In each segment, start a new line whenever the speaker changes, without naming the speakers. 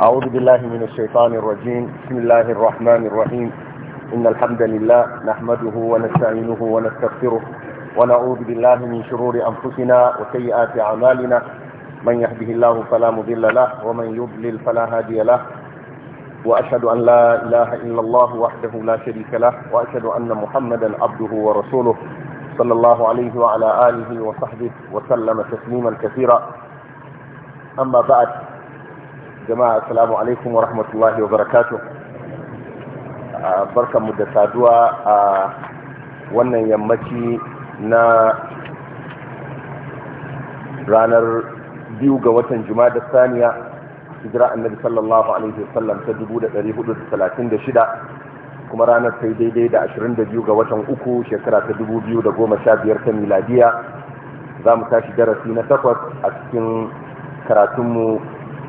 أعوذ بالله من الشيطان الرجيم بسم الله الرحمن الرحيم إن الحمد لله نحمده ونستعينه ونستغفره ونعوذ بالله من شرور أنفسنا وسيئات أعمالنا من يهده الله فلا مضل له ومن يضلل فلا هادي له وأشهد أن لا إله إلا الله وحده لا شريك له وأشهد أن محمدا عبده ورسوله صلى الله عليه وعلى آله وصحبه وسلم تسليما كثيرا أما بعد jama'a assalamu alaikum wa rahmatullahi wa barakatuh barkanmu da saduwa a wannan yammaci na ranar biyu ga watan jumada saniya hijira annabi sallallahu alaihi wasallam ta 1436 kuma ranar sai daidai da 22 ga watan uku shekara ta 2015 ta miladiya za mu tashi darasi na takwas a cikin karatunmu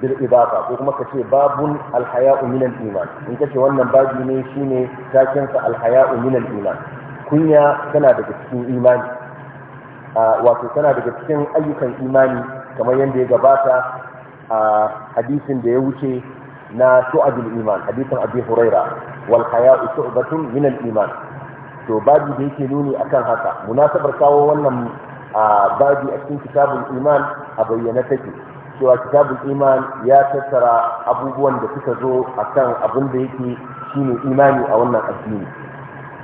bil idafa ko kuma kace babun alhaya'u min iman in kace wannan babi ne shine taken sa alhaya'u min iman kunya tana daga cikin imani wato tana daga cikin ayyukan imani kamar yadda ya gabata a hadisin da ya wuce na shu'abul iman hadisin abi huraira wal haya'u shu'batun min iman to babi da yake nuni akan haka munasabar kawo wannan babi a cikin kitabul iman a bayyana take cewa kitabul iman ya tattara abubuwan da suka zo a kan abin da yake shine imani a wannan addini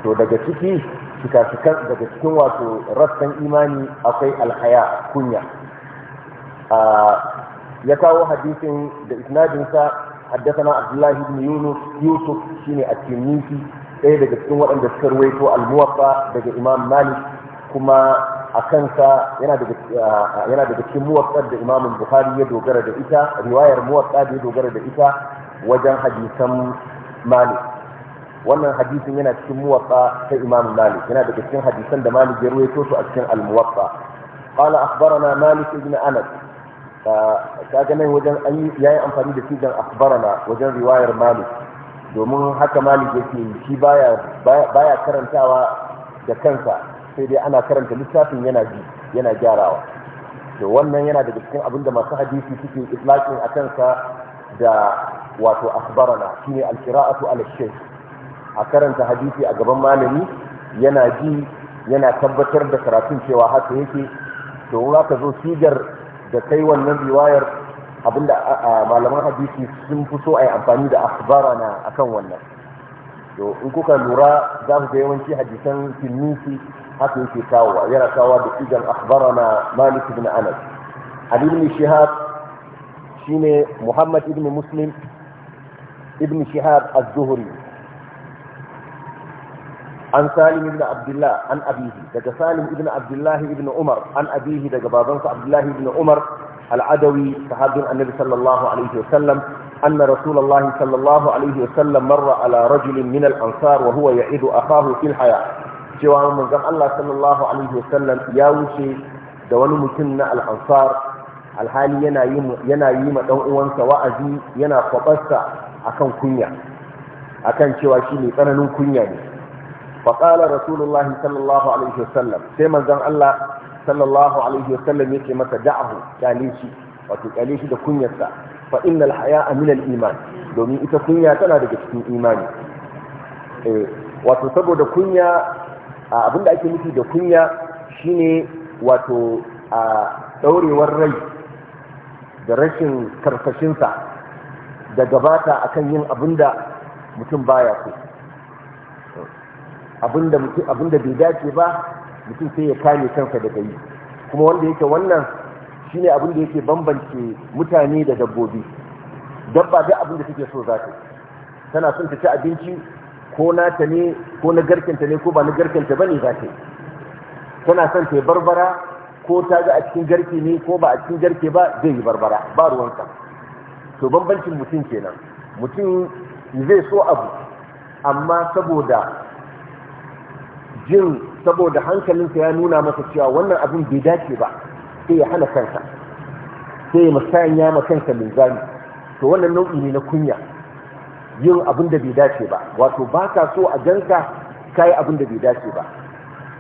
to daga ciki shikashikan daga cikin wato rassan imani akwai alhaya kunya ya kawo hadisin da isnadinsa na abdullahi الله yusuf shine a cikin ninki ɗaya daga cikin waɗanda suka ruwaito al daga imam malik kuma a kansa yana daga cikin muwaƙar da imamun buhari ya dogara da ita riwayar muwaƙa da ya dogara da ita wajen hadisan malik wannan hadisin yana cikin muwaƙa ta imamun malik yana daga cikin hadisan da malik ya ruwaito su a cikin almuwatsa qala akhbarana malik ibn anas ka ga nan wajen an yayi amfani da sigan akhbarana wajen riwayar malik domin haka malik yake shi baya baya karantawa da kansa sai dai ana karanta littafin yana ji yana gyarawa to wannan yana daga cikin abin da masu hadisi suke itlaqin a kansa da wato akhbarana shine alqira'atu ala shaykh a karanta hadisi a gaban malami yana ji yana tabbatar da karatun cewa haka yake to in ka zo sigar da kai wannan riwayar abinda malaman hadisi sun fi so a yi amfani da a akan wannan to in kuka lura za ku ga yawanci hadisan tilmisi haka yake kawowa yana kawowa da idan akhbarana malik ibn anas ali ibn shihab shine muhammad ibn muslim ibn shihab az-zuhri an salim ibn abdullah an abihi daga salim ibn abdullah ibn umar an abihi daga babansa abdullah ibn umar العدوي صحابي النبي صلى الله عليه وسلم أن رسول الله صلى الله عليه وسلم مر على رجل من الأنصار وهو يعيد أخاه في الحياة cewa manzon Allah sallallahu alaihi wasallam ya wuce da wani mutum na al alhali yana yi yana yi ma dan uwansa wa'azi yana kwabarsa akan kunya akan cewa shi ne tsananin kunya ne faqala rasulullahi sallallahu alaihi wasallam sai manzon Allah sallallahu alaihi wasallam yake masa da'ahu kyale shi wato shi da kunyarsa fa innal haya'a min al-iman domin ita kunya tana daga cikin imani eh, wato saboda kunya abinda ake nufi da kunya shine wato a daurewar rai da rashin karkashinsa da gabata akan yin abinda mutum baya so abin abinda bai dace ba mutum sai ya kame kansa daga yi kuma wanda yake wannan shine abinda yake bambance mutane da dabbobi dabba da abinda take so za ta tana son ta ci abinci ko ta ne ko na garkinta ne ko ba na garkinta ba ne za ta yi tana son ta yi barbara ko ta ga a cikin garke ne ko ba a cikin garke ba zai yi barbara ba ruwanka to bambancin mutum kenan mutum zai so abu amma saboda jin saboda hankalinsa ya nuna masa cewa wannan abin bai dace ba sai ya hana kansa sai ya musayanya ma kansa linzami to wannan nau'i ne na kunya yin abin da bai dace ba wato ba ka so a ganka kai abin da bai dace ba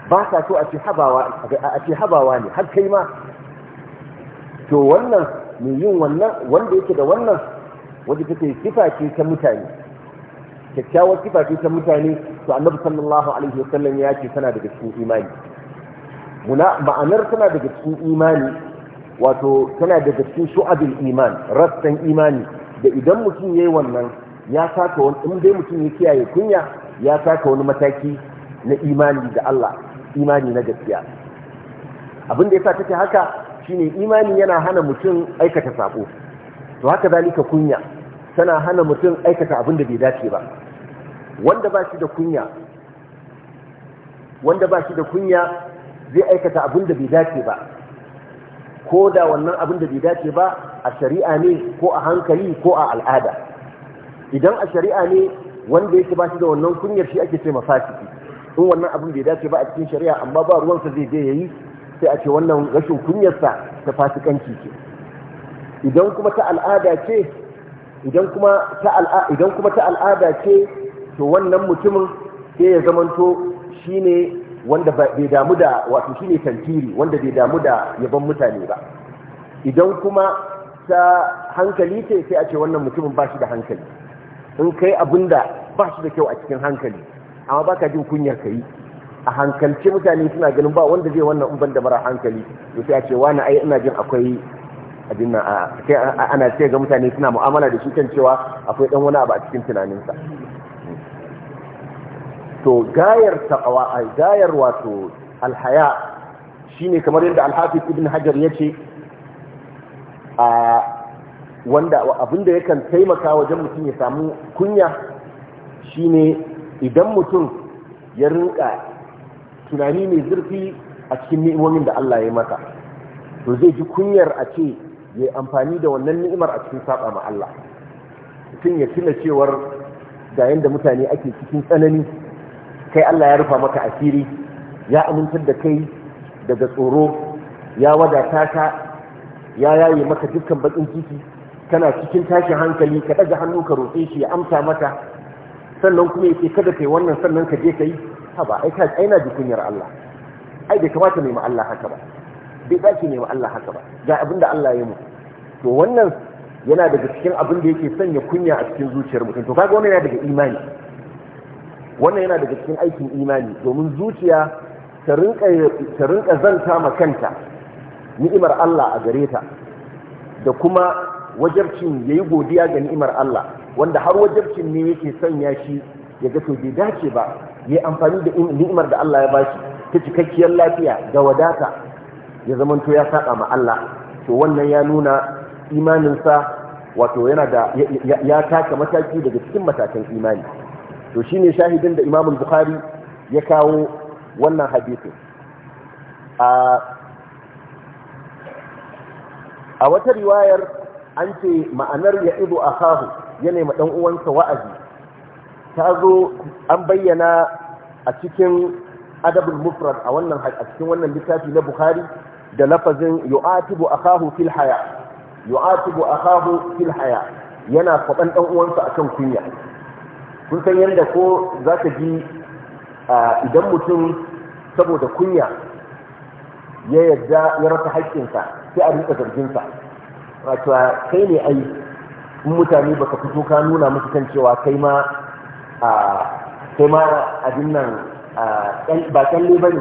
ba ka so a ce habawa a ce habawa ne har kai ma to wannan mai yin wannan wanda yake da wannan wanda take sifa ce ta mutane kyakkyawar sifa ce ta mutane to annabi sallallahu alaihi wasallam ya ce tana daga cikin imani muna ma'anar tana daga cikin imani wato tana daga cikin shu'abul iman rassan imani da idan mutum yayi wannan ya taka wani in dai mutum ya kiyaye kunya ya taka wani mataki na imani da Allah imani na gaskiya abin da yasa take haka shine imani yana hana mutum aikata sako to haka zalika kunya tana hana mutum aikata abin da bai dace ba wanda ba shi da kunya wanda ba shi da kunya zai aikata abin da bai dace ba ko da wannan abin da bai dace ba a shari'a ne ko a hankali ko a al'ada idan a shari'a ne wanda yake ba shi da wannan kunyar shi ake ce fasiki in wannan abin bai dace ba a cikin shari'a amma ba ruwansa zai je yayi sai a ce wannan rashin kunyarsa ta fasikanci ce idan kuma ta al'ada ce idan kuma ta al'ada idan kuma ta al'ada ce to wannan mutumin sai ya zamanto shine wanda bai damu da wato shine tantiri wanda bai damu da yaban mutane ba idan kuma ta hankali ce sai a ce wannan mutumin ba shi da hankali in kai abin da ba shi da kyau a cikin hankali amma ba ka jin kunyar ka yi a hankalci mutane suna ganin ba wanda zai wannan umban da mara hankali to sai a ce wani ai ina jin akwai abin ana ce ga mutane suna mu'amala da shi kan cewa akwai dan wani abu a cikin tunaninsa to gayar taqwa ai gayar wato alhaya shine kamar yadda alhafiz ibn hajar yace a wanda abin da yakan taimaka wajen mutum ya samu kunya shine idan mutum ya rinka tunani mai zurfi a cikin ni'imomin da Allah ya mata to zai ji kunyar a ce ya amfani da wannan ni'imar a cikin saba ma Allah mutum ya tuna cewar ga yanda mutane ake cikin tsanani kai Allah ya rufa maka asiri ya amintar da kai daga tsoro ya wadata ka ya yaye maka dukkan bakin ciki kana cikin tashin hankali ka ɗaga hannu ka roƙe shi ya amsa mata sannan kuma ya ce kada kai wannan sannan ka je ka yi ha ba ai ka aina yar Allah ai bai kamata ne ma Allah haka ba bai dace ne ma Allah haka ba ga abin da Allah ya yi mu to wannan yana daga cikin abin da yake sanya kunya a cikin zuciyar mutum to kaga wannan yana daga imani wannan yana daga cikin aikin imani domin zuciya ta rinka ta rinka zanta ma kanta ni'imar Allah a gare ta da kuma wajabcin ya yi godiya ga ni'imar Allah wanda har wajabcin ne yake sanya shi ya ga to bai dace ba yayi amfani da ni'imar da Allah ya bashi ta cikakkiyar lafiya ga wadata ya zamanto ya saba ma Allah to wannan ya nuna imaninsa wato yana da ya taka mataki daga cikin matakan imani to shine shahidin da imamun Bukhari ya kawo wannan hadisin a wata riwayar an ce ma'anar ya ido a hahu ya nema ɗan uwansa wa'azi ta zo an bayyana a cikin adabul mufrad a wannan a cikin wannan littafi na bukhari da lafazin yu'atibu akahu fil haya yu'atibu akahu fil haya yana kwaban ɗan uwansa akan kunya kun san yadda ko za ka ji idan mutum saboda kunya ya yarda ya rasa haƙƙinsa sai a rika zarginsa wato kai ne ai in mutane baka fito ka nuna musu kan cewa kai ma a kai ma abin nan ba kalle bane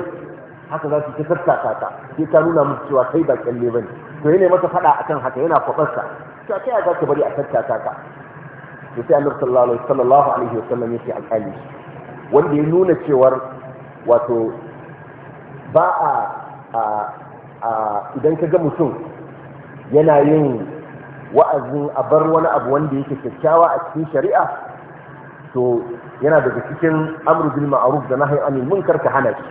haka za su ci sassaka ka sai ka nuna musu cewa kai ba kalle bane to yana masa fada akan haka yana kwabarsa to kai za ka bari a sassaka ka to sai annabi sallallahu alaihi sallallahu alaihi wasallam yake alƙali wanda ya nuna cewar wato ba a idan ka ga mutum yana yin wa'azin a bar wani abu wanda yake kyakkyawa a cikin shari'a to yana daga cikin amru bil ma'ruf da nahyi anil munkar ka hana shi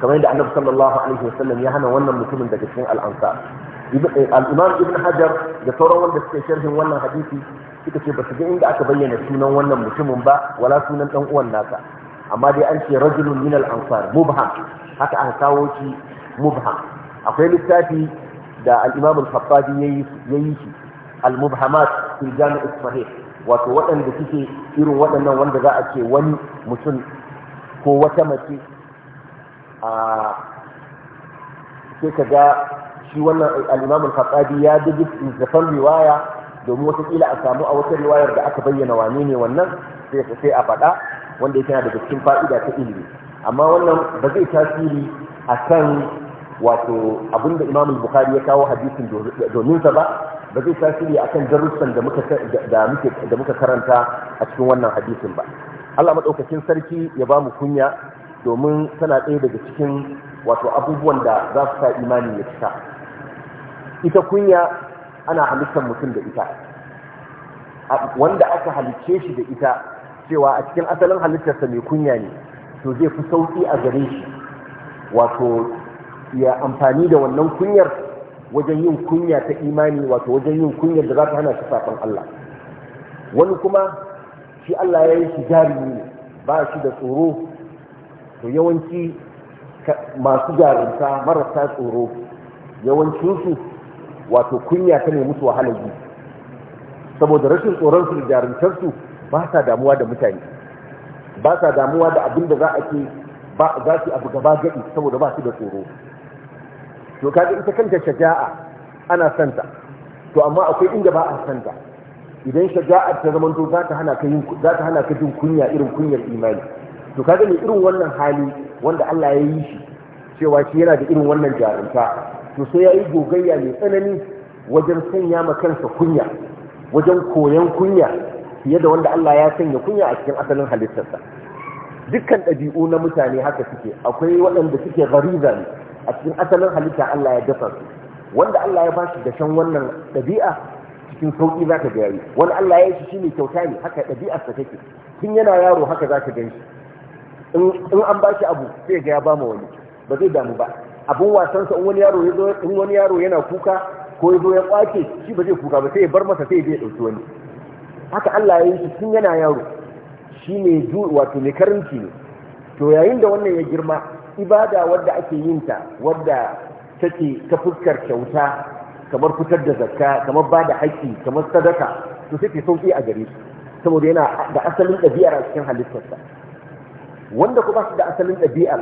kamar yadda annabi sallallahu alaihi wasallam ya hana wannan mutumin daga cikin al'ansar eh, al-imam ibn hajar da sauran wanda suke sharhin wannan hadisi suka ce ba su ga inda aka bayyana sunan wannan mutumin ba wala sunan dan uwan nasa amma dai an ce rajulun min al-ansar mubham haka aka kawo shi mubham akwai littafi da al al yayi yayi shi al-mubhamat fi jami' sahih wato waɗanda suke irin waɗannan wanda za a ce wani mutum ko wata mace a sai ka ga shi wannan al-imam al-khattabi ya dubi zafan riwaya domin wata kila a samu a wata riwayar da aka bayyana wane ne wannan sai a faɗa wanda yake daga cikin fa'ida ta ilimi amma wannan ba zai tasiri akan wato abinda imam bukhari ya kawo hadisin domin sa ba ba zai tasiri akan darussan da muka karanta a cikin wannan hadisin ba Allah madaukakin sarki ya ba mu kunya domin tana ɗaya daga cikin wato abubuwan da za su sa imani ya cika ita kunya ana halittar mutum da ita wanda aka halicce shi da ita cewa a cikin asalin halittarsa mai kunya ne to zai fi sauki a gare shi wato ya amfani da wannan kunyar wajen yin kunya ta imani wato wajen yin kunyar da za ta hana shi saƙon Allah wani kuma shi Allah ya yi shi jarumi ne ba shi da tsoro to yawanci masu jarumta marasa tsoro yawancinsu wato kunya ta ne musu wahalar yi saboda rashin tsoronsu da jarumtarsu ba sa damuwa da mutane ba sa damuwa da abin da za a ke za su abu gaba gaɗi saboda ba su da tsoro to kaga ita kanta shaja'a ana santa to amma akwai inda ba a santa idan shaja'ar ta zama to za ta hana ka yin hana ka jin kunya irin kunyar imani to kaga ne irin wannan hali wanda Allah ya yi shi cewa shi yana da irin wannan jarumta to sai yayi gogayya mai tsanani wajen sanya ma kansa kunya wajen koyan kunya fiye da wanda Allah ya sanya kunya a cikin asalin halittarsa dukkan ɗabi'u na mutane haka suke akwai waɗanda suke gariza ne a cikin asalin halitta Allah ya dafa su wanda Allah ya shi dashen wannan ɗabi'a cikin sauƙi za ka ga yayi wani Allah ya yi shi shine kyauta ne haka ɗabi'arsa take tun yana yaro haka za ka gan shi in an ba shi abu sai ga ya ba ma wani ba zai damu ba Abun wasan sa wani yaro ya zo in wani yaro yana kuka ko ya zo ya kwace shi ba zai kuka ba sai ya bar masa sai ya je ya ɗauki wani haka Allah ya yi shi tun yana yaro shi ne wato mai karanci ne to yayin da wannan ya girma ibada wadda ake yin ta wadda take ta fuskar kyauta kamar fitar da zakka kamar ba da haƙƙi kamar sadaka to sai sauki a gare shi saboda yana da asalin ɗabi'ar a cikin halittarsa wanda kuma su da asalin ɗabi'ar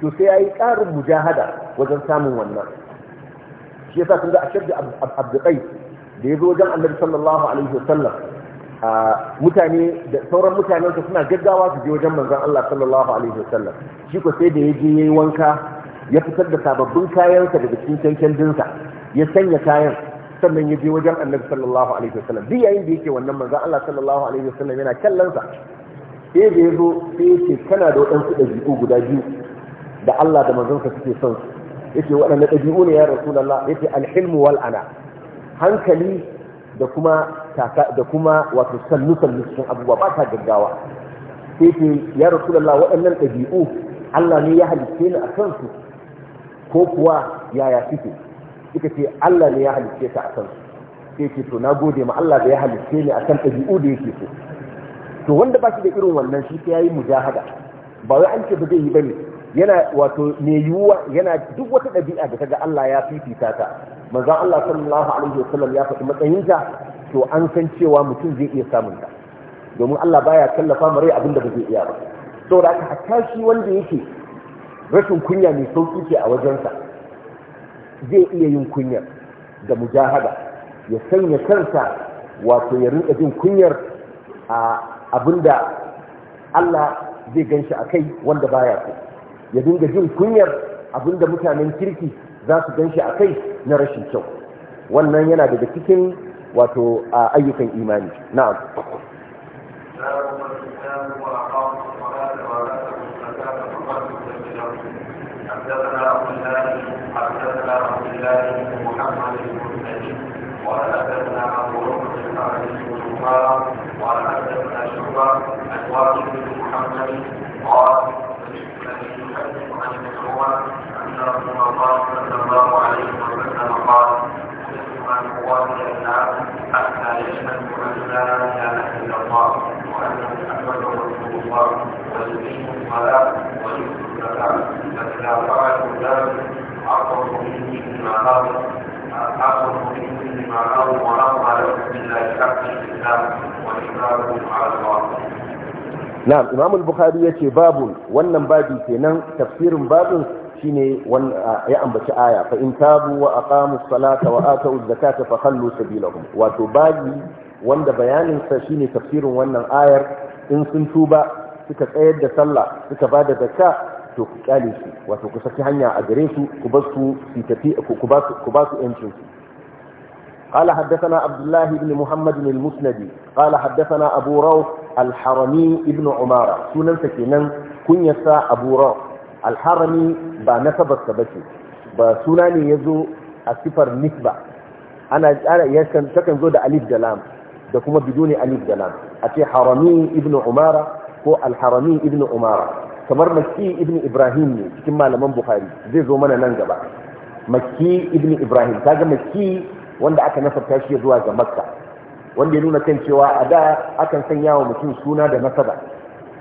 to sai yayi ƙarin mujahada wajen samun wannan shi yasa kun ga ashaddu abduqai da yazo wajen annabi sallallahu alaihi sallam. mutane da sauran mutanen su suna gaggawa su je wajen manzon Allah sallallahu alaihi wasallam shi ko sai da ya je yayi wanka ya fitar da sababbin kayansa daga cikin cancan dinsa ya sanya kayan sannan ya je wajen annabi sallallahu alaihi wasallam duk yayin da yake wannan manzon Allah sallallahu alaihi wasallam yana kallon sa sai da yazo sai ce kana da wadansu dabi'u guda biyu da Allah da manzon sa suke son su yace waɗanne dabi'u ne ya rasulullah yace alhilmu wal ana hankali da kuma da kuma wato sallusan sallu cikin abubuwa ba ta gaggawa sai ce ya rasulullah waɗannan ɗabi'u Allah ne ya halicce ni a su. ko kuwa yaya suke suka ce Allah ne ya halicce ta a kansu sai ce to na gode ma Allah da ya halicce ni a kan ɗabi'u da yake so to wanda ba shi da irin wannan shi sai yayi mujahada ba wai an ce ba zai yi bane yana wato me yiwuwa yana duk wata ɗabi'a da ta ga Allah ya fifita ta manzo Allah sallallahu alaihi wasallam ya faɗi matsayin ta to an san cewa mutum zai iya samun ta domin Allah baya kallafa mare abin da ba zai iya ba da haka shi wanda yake rashin kunya mai sauki ce a wajensa zai iya yin kunyar da mujahada ya sanya kansa wato ya rinka jin kunyar a abinda Allah zai ganshi a kai wanda baya so ya dinga jin kunyar abinda mutanen kirki za su gan shi a kai na rashin kyau wannan yana daga cikin wato ayyukan imani na'am نعم امام البخاري يتي باب ونن بابي كينن تفسير باب شيني وان آه، يا امبتي ايه فان تابوا واقاموا الصلاه واتوا الزكاه فخلوا سبيلهم وتبادي وان بيان شيني تفسير ونن ايه ان سن suka tsayar da sallah suka ba da zakka to ku kyale su wato ku saki hanya a gare su ku ba su su tafi ku ba su ku ba su yancin su قال حدثنا عبد الله بن محمد المسندي قال حدثنا أبو روح الحرمي ابن عمارة سنن سكينن كن يسا أبو روح الحرمي با نسب السبكي با سناني يزو السفر نسبة أنا أنا يسكن تكن زود ألف دلام دكما بدون ألف دلام أتي حرمي ابن عمارة ko alharami ibn umara kamar makki ibn ibrahim ne cikin malaman bukhari zai zo mana nan gaba makki ibn ibrahim kaga makki wanda aka nasabta shi zuwa ga makka wanda ya nuna kan cewa a da akan sanya wa mutum suna da nasaba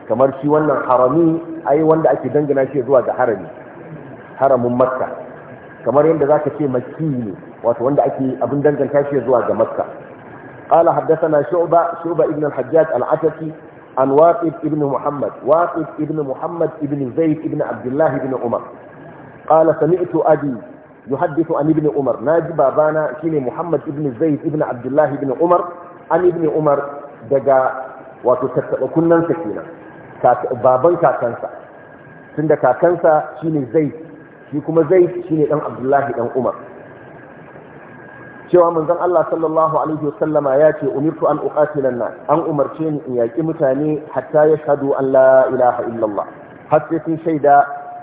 kamar shi wannan harami ai wanda ake dangana shi zuwa ga harami haramin makka kamar yadda zaka ce makki ne wato wanda ake abin danganta shi zuwa ga makka قال حدثنا شعبة شعبة ابن الحجاج العتكي عن واقف ابن محمد واقف ابن محمد ابن زيد ابن عبد الله ابن عمر قال سمعت أبي يحدث عن ابن عمر ناجي بابانا شيني محمد ابن زيد ابن عبد الله ابن عمر عن ابن عمر دقا وتتكلم سكينة baban kakansa tunda kakansa shine zai shi kuma zai shine dan abdullahi dan umar cewa manzon Allah sallallahu alaihi wasallama ya ce umirtu an uqatila nas an umarce ni in yaki mutane hatta yashhadu an la ilaha illallah har sai sun shaida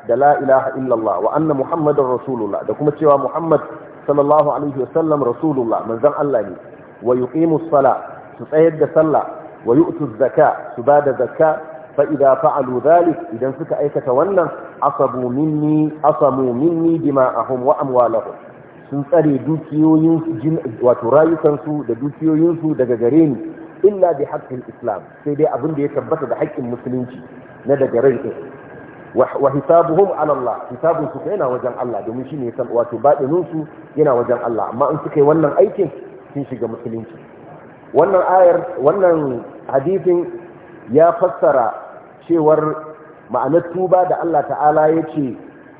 da la ilaha illallah wa anna muhammadar rasulullah da kuma cewa muhammad sallallahu alaihi wasallam rasulullah manzon Allah ne wa yuqimu sala su tsayar da sallah wa yu'tu zakka su da zakka fa idza fa'alu dhalik idan suka aikata wannan asabu minni asamu minni dima'ahum wa amwalahum sun tsare dukiyoyin wato rayukansu da dukiyoyinsu daga gare ni illa bi haqqil islam sai dai abin da ya tabbata da haƙƙin musulunci na daga rai ɗin wa hisabuhum ala Allah hisabun su yana wajen Allah domin shine san wato badinin su yana wajen Allah amma in suka yi wannan aikin sun shiga musulunci wannan ayar wannan hadisin ya fassara cewar ma'anar tuba da Allah ta'ala ya ce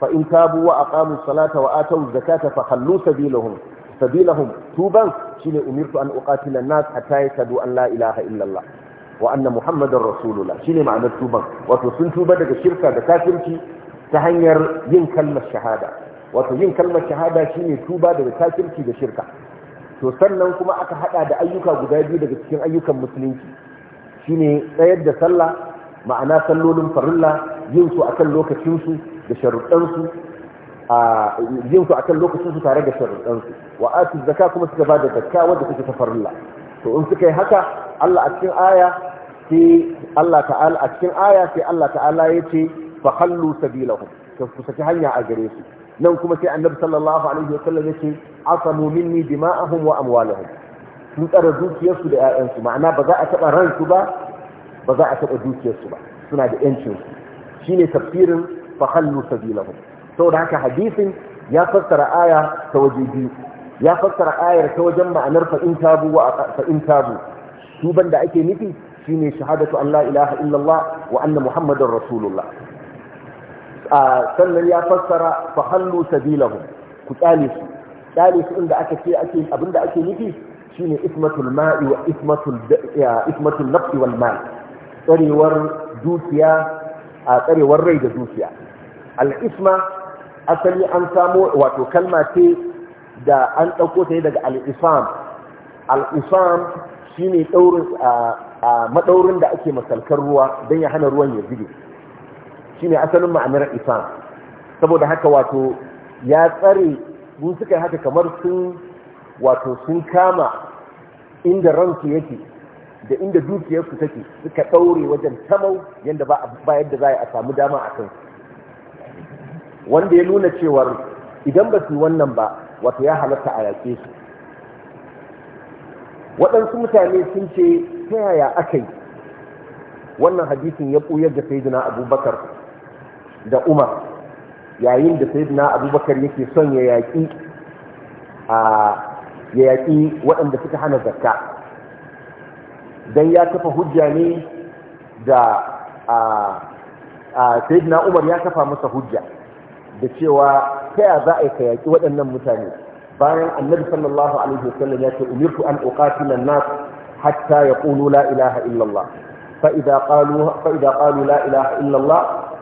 fa in tabu wa aqamu salata wa atu zakata fa khallu sabilahum sabilahum tuban shine umirtu an uqatila an-nas hatta yashhadu an la ilaha illa Allah wa anna muhammadar ma'anar tuban wato sun tuba daga shirka da kafirci ta hanyar yin kalmar shahada wato yin kalmar shahada shine tuba daga kafirci da shirka to sannan kuma aka haɗa da ayyuka guda biyu daga cikin ayyukan musulunci shine tsayar da sallah ma'ana sallolin farilla yin su akan lokacin su da sharuɗansu a yin su akan lokacin su tare da sharuɗansu wa atu kuma suka ba da zakka wanda take ta farilla to in suka yi haka Allah a cikin aya sai Allah ta'ala a cikin aya sai Allah ta'ala ce fa hallu sabilahum to ku saki hanya a gare su nan kuma sai annabi sallallahu alaihi wasallam yace asamu minni dima'ahum wa amwalahum sun tsara dukiyarsu da 'ya'yansu ma'ana ba za a taɓa ransu ba ba za a taɓa dukiyarsu ba suna da 'yancinsu shine tafsirin fa sabilahum saboda haka hadisin ya fassara aya ta waje biyu ya fassara ayar ta wajen ma'anar fa in tabu wa fa in tabu tuban da ake nufi shine shahadatu an la ilaha illallah wa anna muhammadar rasulullah sannan ya fassara fa hallu sabilahum ku tsale su tsale su inda aka ce ake abinda ake nufi shine ismatul ma'i wa ismatul ismatul nafsi wal mal tsarewar dukiya a tsarewar rai da dukiya al'isma asali an samo wato kalma ce da an ɗauko ta daga al'isam al'isam shi ne maɗaurin da ake masalkar ruwa don ya hana ruwan ya zige. shi ne asalin ma'anar isam saboda haka wato ya tsare sun suka haka kamar sun wato sun kama inda ransu yake da inda dukiyarsu take suka ɗaure wajen tamau yadda ba yadda za a samu dama a kan wanda ya nuna cewar idan ba su wannan ba wato ya halatta a yaƙe su waɗansu mutane sun ce ta yaya aka yi wannan hadisin ya ɓuyar da sayyidina abubakar da umar yayin da sayyidina abubakar yake son ya yaƙi a ya yaƙi waɗanda suka hana zakka dan ya kafa hujja ne da a sayyidina Umar ya kafa masa hujja da cewa ta ya za a ka yaki waɗannan mutane bayan annabi sallallahu alaihi wasallam ya ce umirtu an uqatila an-nas hatta yaqulu la ilaha illa Allah fa idza qalu fa idza qalu la ilaha illa Allah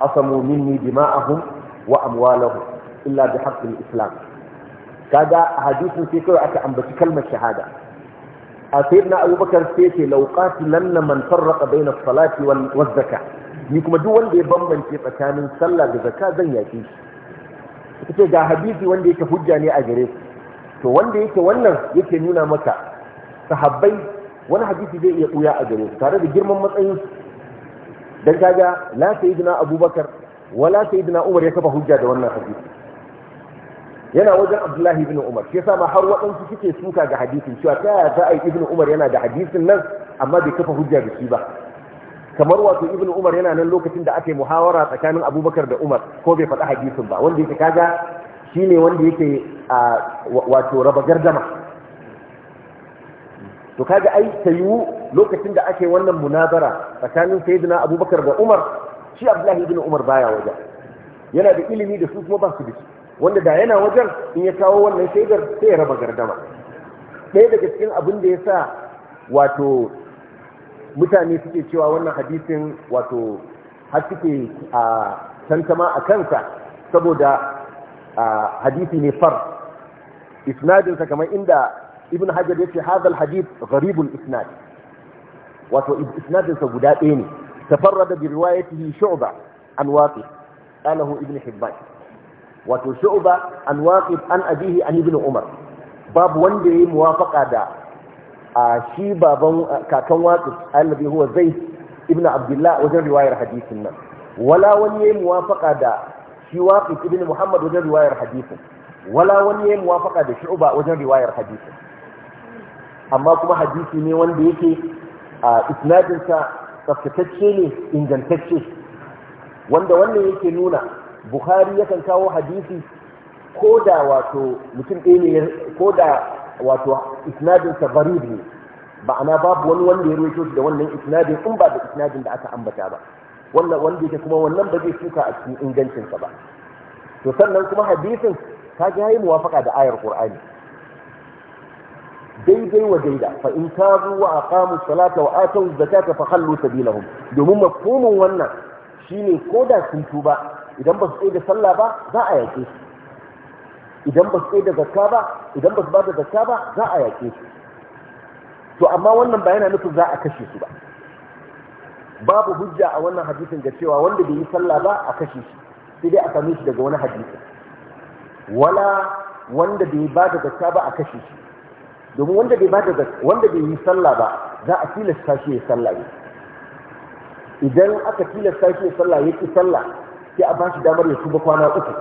asamu minni dima'ahum wa amwalahum illa bihaqqi al-islam kaga hadisin sai kawai aka ambaci kalmar shahada a sayyidina abubakar sai ce lauƙati lanna man farraqa salati wal ni kuma duk wanda ya bambance tsakanin sallah da zakka zan yaki Ita ce ga hadisi wanda yake hujja ne a gare to wanda yake wannan yake nuna maka sahabbai wani hadisi zai iya ɓuya a gare su tare da girman matsayin dan kaga la sayyidina abubakar wala sayyidina umar ya kafa hujja da wannan hadisi yana wajen abdullahi ibn umar shi yasa ma har waɗansu suke suka ga hadisin cewa ta yaya za a yi ibn umar yana da hadisin nan amma bai kafa hujja da shi ba kamar wato ibn umar yana nan lokacin da aka muhawara tsakanin abubakar da umar ko bai faɗi hadisin ba wanda yake kaga shi ne wanda yake wato raba gardama to kaga ai ta yiwu lokacin da ake wannan munazara tsakanin sayyidina abubakar da umar shi abdullahi ibn umar baya wajen yana da ilimi da su kuma ba su da shi wanda da yana wajen in ya kawo wannan shaidar sai ya raba gardama ɗaya daga cikin abin da ya sa wato mutane suke cewa wannan hadisin wato har suke a tantama a kansa saboda hadisi ne far isnadinsa kamar inda ibn hajar ya ce hadal hadith gharibul isnad wato isnadinsa guda ɗaya ne tafarrada bi riwayatihi shu'ba an waqi qalahu ibn hibban wato shu'ba an waqif an abihi an ibn umar babu wanda yayi muwafaqa da shi baban kakan waqif alladhi huwa zaid ibn abdullah wajen riwayar hadisin nan wala wani yayi muwafaqa da shi waqif ibn muhammad wajen riwayar hadisin wala wani yayi muwafaqa da shu'ba wajen riwayar hadisin amma kuma hadisi ne wanda yake a isnadinsa tsaftatacce ne ingantacce wanda wannan yake nuna bukhari yakan kawo hadisi ko da wato mutum ɗaya ne ko da wato isnadinsa gharib ne ma'ana babu wani wanda ya rawaito da wannan isnadin in ba da isnadin da aka ambata ba wannan wanda yake kuma wannan ba zai shuka a cikin ingancinsa ba to sannan kuma hadisin ta ga yayi muwafaqa da ayar qur'ani daidai wa daida fa in tabu wa aqamu salata wa atu zakata fa khallu sabilahum domin mafhumin wannan shine koda sun tuba idan ba su tsaye da sallah ba za a yaƙe su idan ba su tsaye da zakka ba idan ba su ba da zakka ba za a yaƙe su to amma wannan ba yana nufin za a kashe su ba babu hujja a wannan hadisin ga cewa wanda bai yi sallah ba a kashe shi sai dai a same shi daga wani hadisi wala wanda bai ba da zakka ba a kashe shi domin wanda bai ba da wanda bai yi sallah ba za a tilasta shi ya sallah idan aka tilasta shi ya sallah yake sallah sai a ba damar ya tuba kwana uku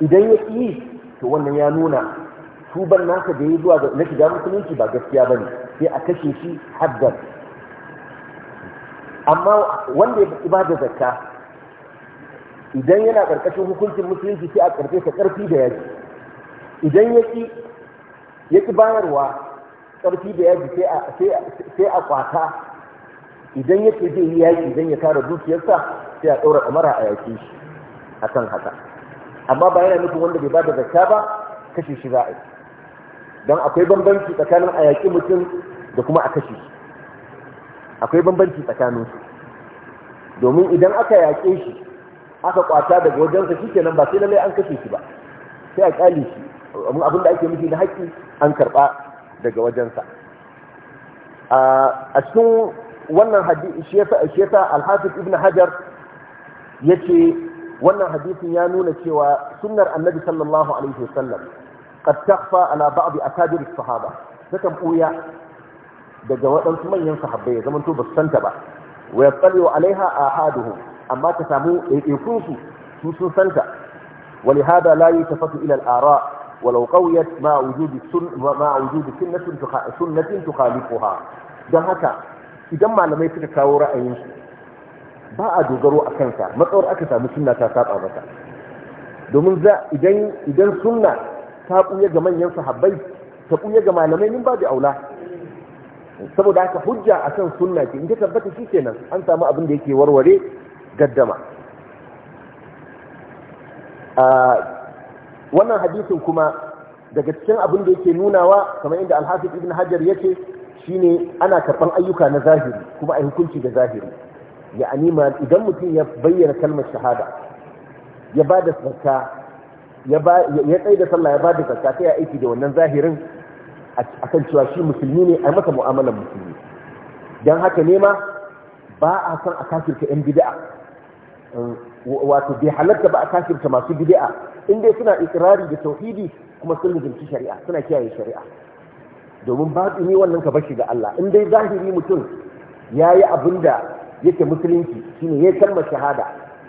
idan ya yi to wannan ya nuna tuban nasa da ya zuwa na shiga musulunci ba gaskiya ba ne sai a kashe shi haddar amma wanda ya ba da zakka idan yana ƙarƙashin hukuncin musulunci sai a ƙarfe ta ƙarfi da yaji idan ya ƙi ya ƙi bayarwa ƙarfi da yaji sai a kwata idan yake zai yi yaki idan ya tara dukiyarsa sai a ɗaura kamara a yaƙe shi a kan haka amma ba yana nufin wanda bai ba da zakka ba kashe shi za a yi don akwai bambanci tsakanin a yaki mutum da kuma a kashe shi akwai bambanci tsakanin su domin idan aka yaƙe shi aka kwata daga wajensa shi kenan ba sai lallai an kashe shi ba sai a ƙyale shi abin da ake nufi na haƙƙi an karɓa daga wajensa a cikin wannan hadisi shi yasa al-hafiz ibn hajar yace wannan hadisin ya nuna cewa sunnar annabi sallallahu alaihi wasallam qad takhfa ala ba'd akabir as sahaba takan buya daga waɗansu manyan sahabbai ya to ba santa ba wa yattaliu alaiha ahaduhum amma ta samu ɗaiɗaikun su su sun santa ولهذا لا يلتفت إلى الآراء ولو قويت مع وجود سنة, مع وجود سنة تخالفها don haka idan malamai suka kawo ra'ayinsu ba a dogaro a kansa matsawar aka samu suna ta saba mata. domin za idan idan sunna ta buya ga manyan sahabbai ta buya ga malamai ba da aula saboda haka hujja akan suna ke in ta tabbata nan, an samu abin da yake warware gaddama wannan hadisin kuma daga cikin abin da yake nunawa kamar inda alhafiz ibn hajar yake shine ana karɓar ayyuka na zahiri kuma a hukunci da zahiri ya'ani ma idan mutum ya bayyana kalmar shahada ya ba da sarka ya tsaye da sallah ya ba da sarka ta ya aiki da wannan zahirin A kan cewa shi musulmi ne a masa mu'amalar musulmi don haka nema ma ba a san a kafirta 'yan bida'a um, wato bai halatta ba a kafirta masu bida'a. in dai suna ikirari da tauhidi kuma sun shari'a suna kiyaye shari'a domin ne wannan ka bar shi ga Allah in dai zahiri mutum ya yi abin da yake musulunci ne ya kalmar shahada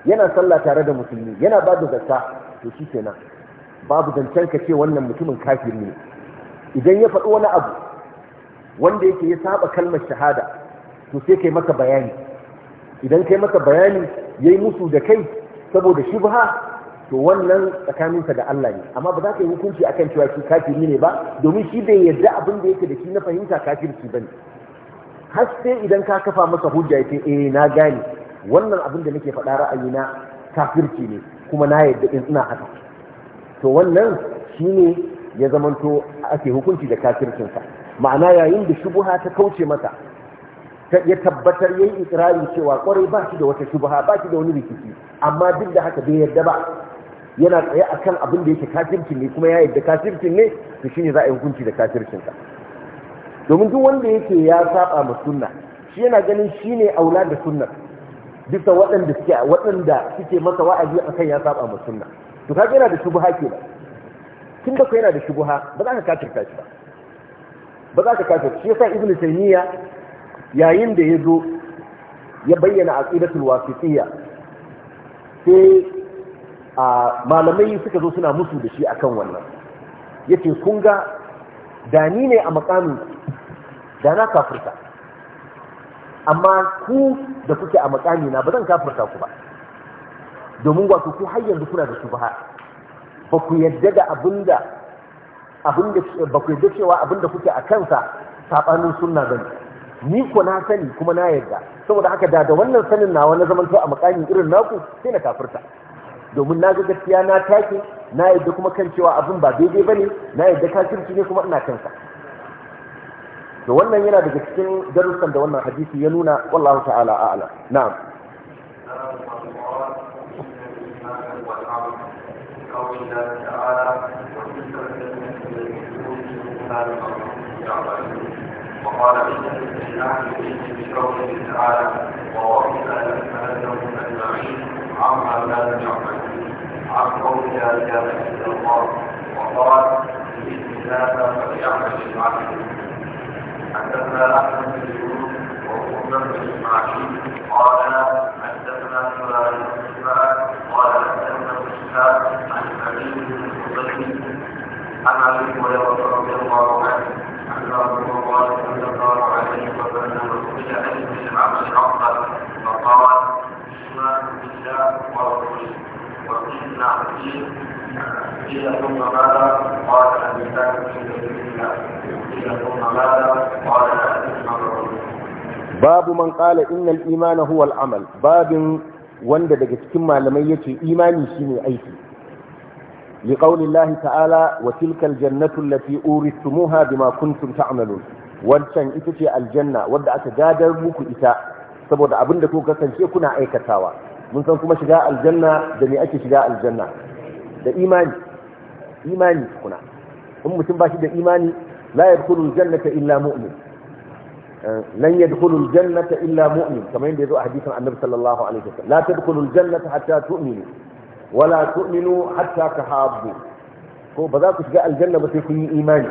yana sallah tare da musulmi yana ba da zakka to shi nan babu zancen ka ce wannan mutumin kafiri ne idan ya faɗi wani abu wanda yake ya saba kalmar shahada to sai kai maka bayani idan kai maka bayani yi musu da kai saboda shubha to wannan tsakaninsa da Allah ne amma ba za ka yi hukunci akan cewa shi kafiri ne ba domin shi bai yarda abin da yake da shi na fahimta kafirci bane har sai idan ka kafa masa hujja yake eh na gane wannan abin da nake faɗa ra'ayi na kafirci ne kuma na yarda in ina haka to wannan shine ya zamanto ake hukunci da kafircinsa ma'ana yayin da shubuha ta kauce masa ya tabbatar yayi ikrari cewa kwarai ba shi da wata shubuha ba shi da wani rikici amma duk da haka bai yarda ba yana tsaye a kan abin da yake kafircin ne kuma ya yadda kafircin ne to shine za a yi hukunci da kafircin ka domin duk wanda yake ya saba ma sunna shi yana ganin shi ne aula da sunna bisa waɗanda suke waɗanda suke masa wa'azi akan ya saba ma sunna to kaga yana da ke ba, tun da yana da shubuha ba za ka kafirta shi ba ba za ka kafir shi yasa ibn taymiya yayin da ya zo ya bayyana aqidatul wasitiyya sai a malamai suka zo suna musu da shi akan wannan yace kun ga da ni ne a makamin da na kafirta amma ku da kuke a makami na ba zan kafirta ku ba domin wato ku har yanzu kuna da shubha ba ku yadda da abinda abinda ba ku yadda cewa abinda kuke a kansa sabanin sunna bane ni ko na sani kuma na yadda saboda haka da da wannan sanin nawa na to a makami irin naku sai na kafirta domin na ga gaskiya na take na yadda kuma kan cewa abin ba daidai ba ne na yadda kafirci ne kuma ina kansa to wannan yana daga cikin darussan da wannan hadisi ya nuna wallahu ta'ala a'lam na'am
وقال إن الله بقوله تعالى ووفق أن أجمعين عما لا يعمل عن قول لا الله وقال باذن الله فليعمل العبد حدثنا احمد بن يوسف وقلنا بن اسماعيل قال حدثنا فلان قال حدثنا الشهاب عن سعيد بن الخدري عن ابي رضي الله عنه ان رسول الله صلى الله عليه وسلم سئل عن العمل فقال الايمان بالله ورسوله باب
من قال ان الايمان هو العمل باب ثم ماذا wanda daga cikin malamai yace imani shine aiki li llahi ta'ala wa tilkal jannatu allati urithumuha bima kuntum ta'malun wancan ita ce aljanna wanda aka gadar muku ita saboda abinda da kuka kasance kuna aikatawa mun san kuma shiga aljanna da me ake shiga aljanna da imani imani kuna in mutum ba shi da imani la yadkhulu aljannata illa mu'min eh, lan yadkhulu aljannata illa mu'min kamar yadda yazo a hadisin annabi sallallahu alaihi wasallam la tadkhulu aljannata hatta tu'minu wala tu'minu hatta tahabbu ko ba za ku shiga aljanna ba sai kun yi imani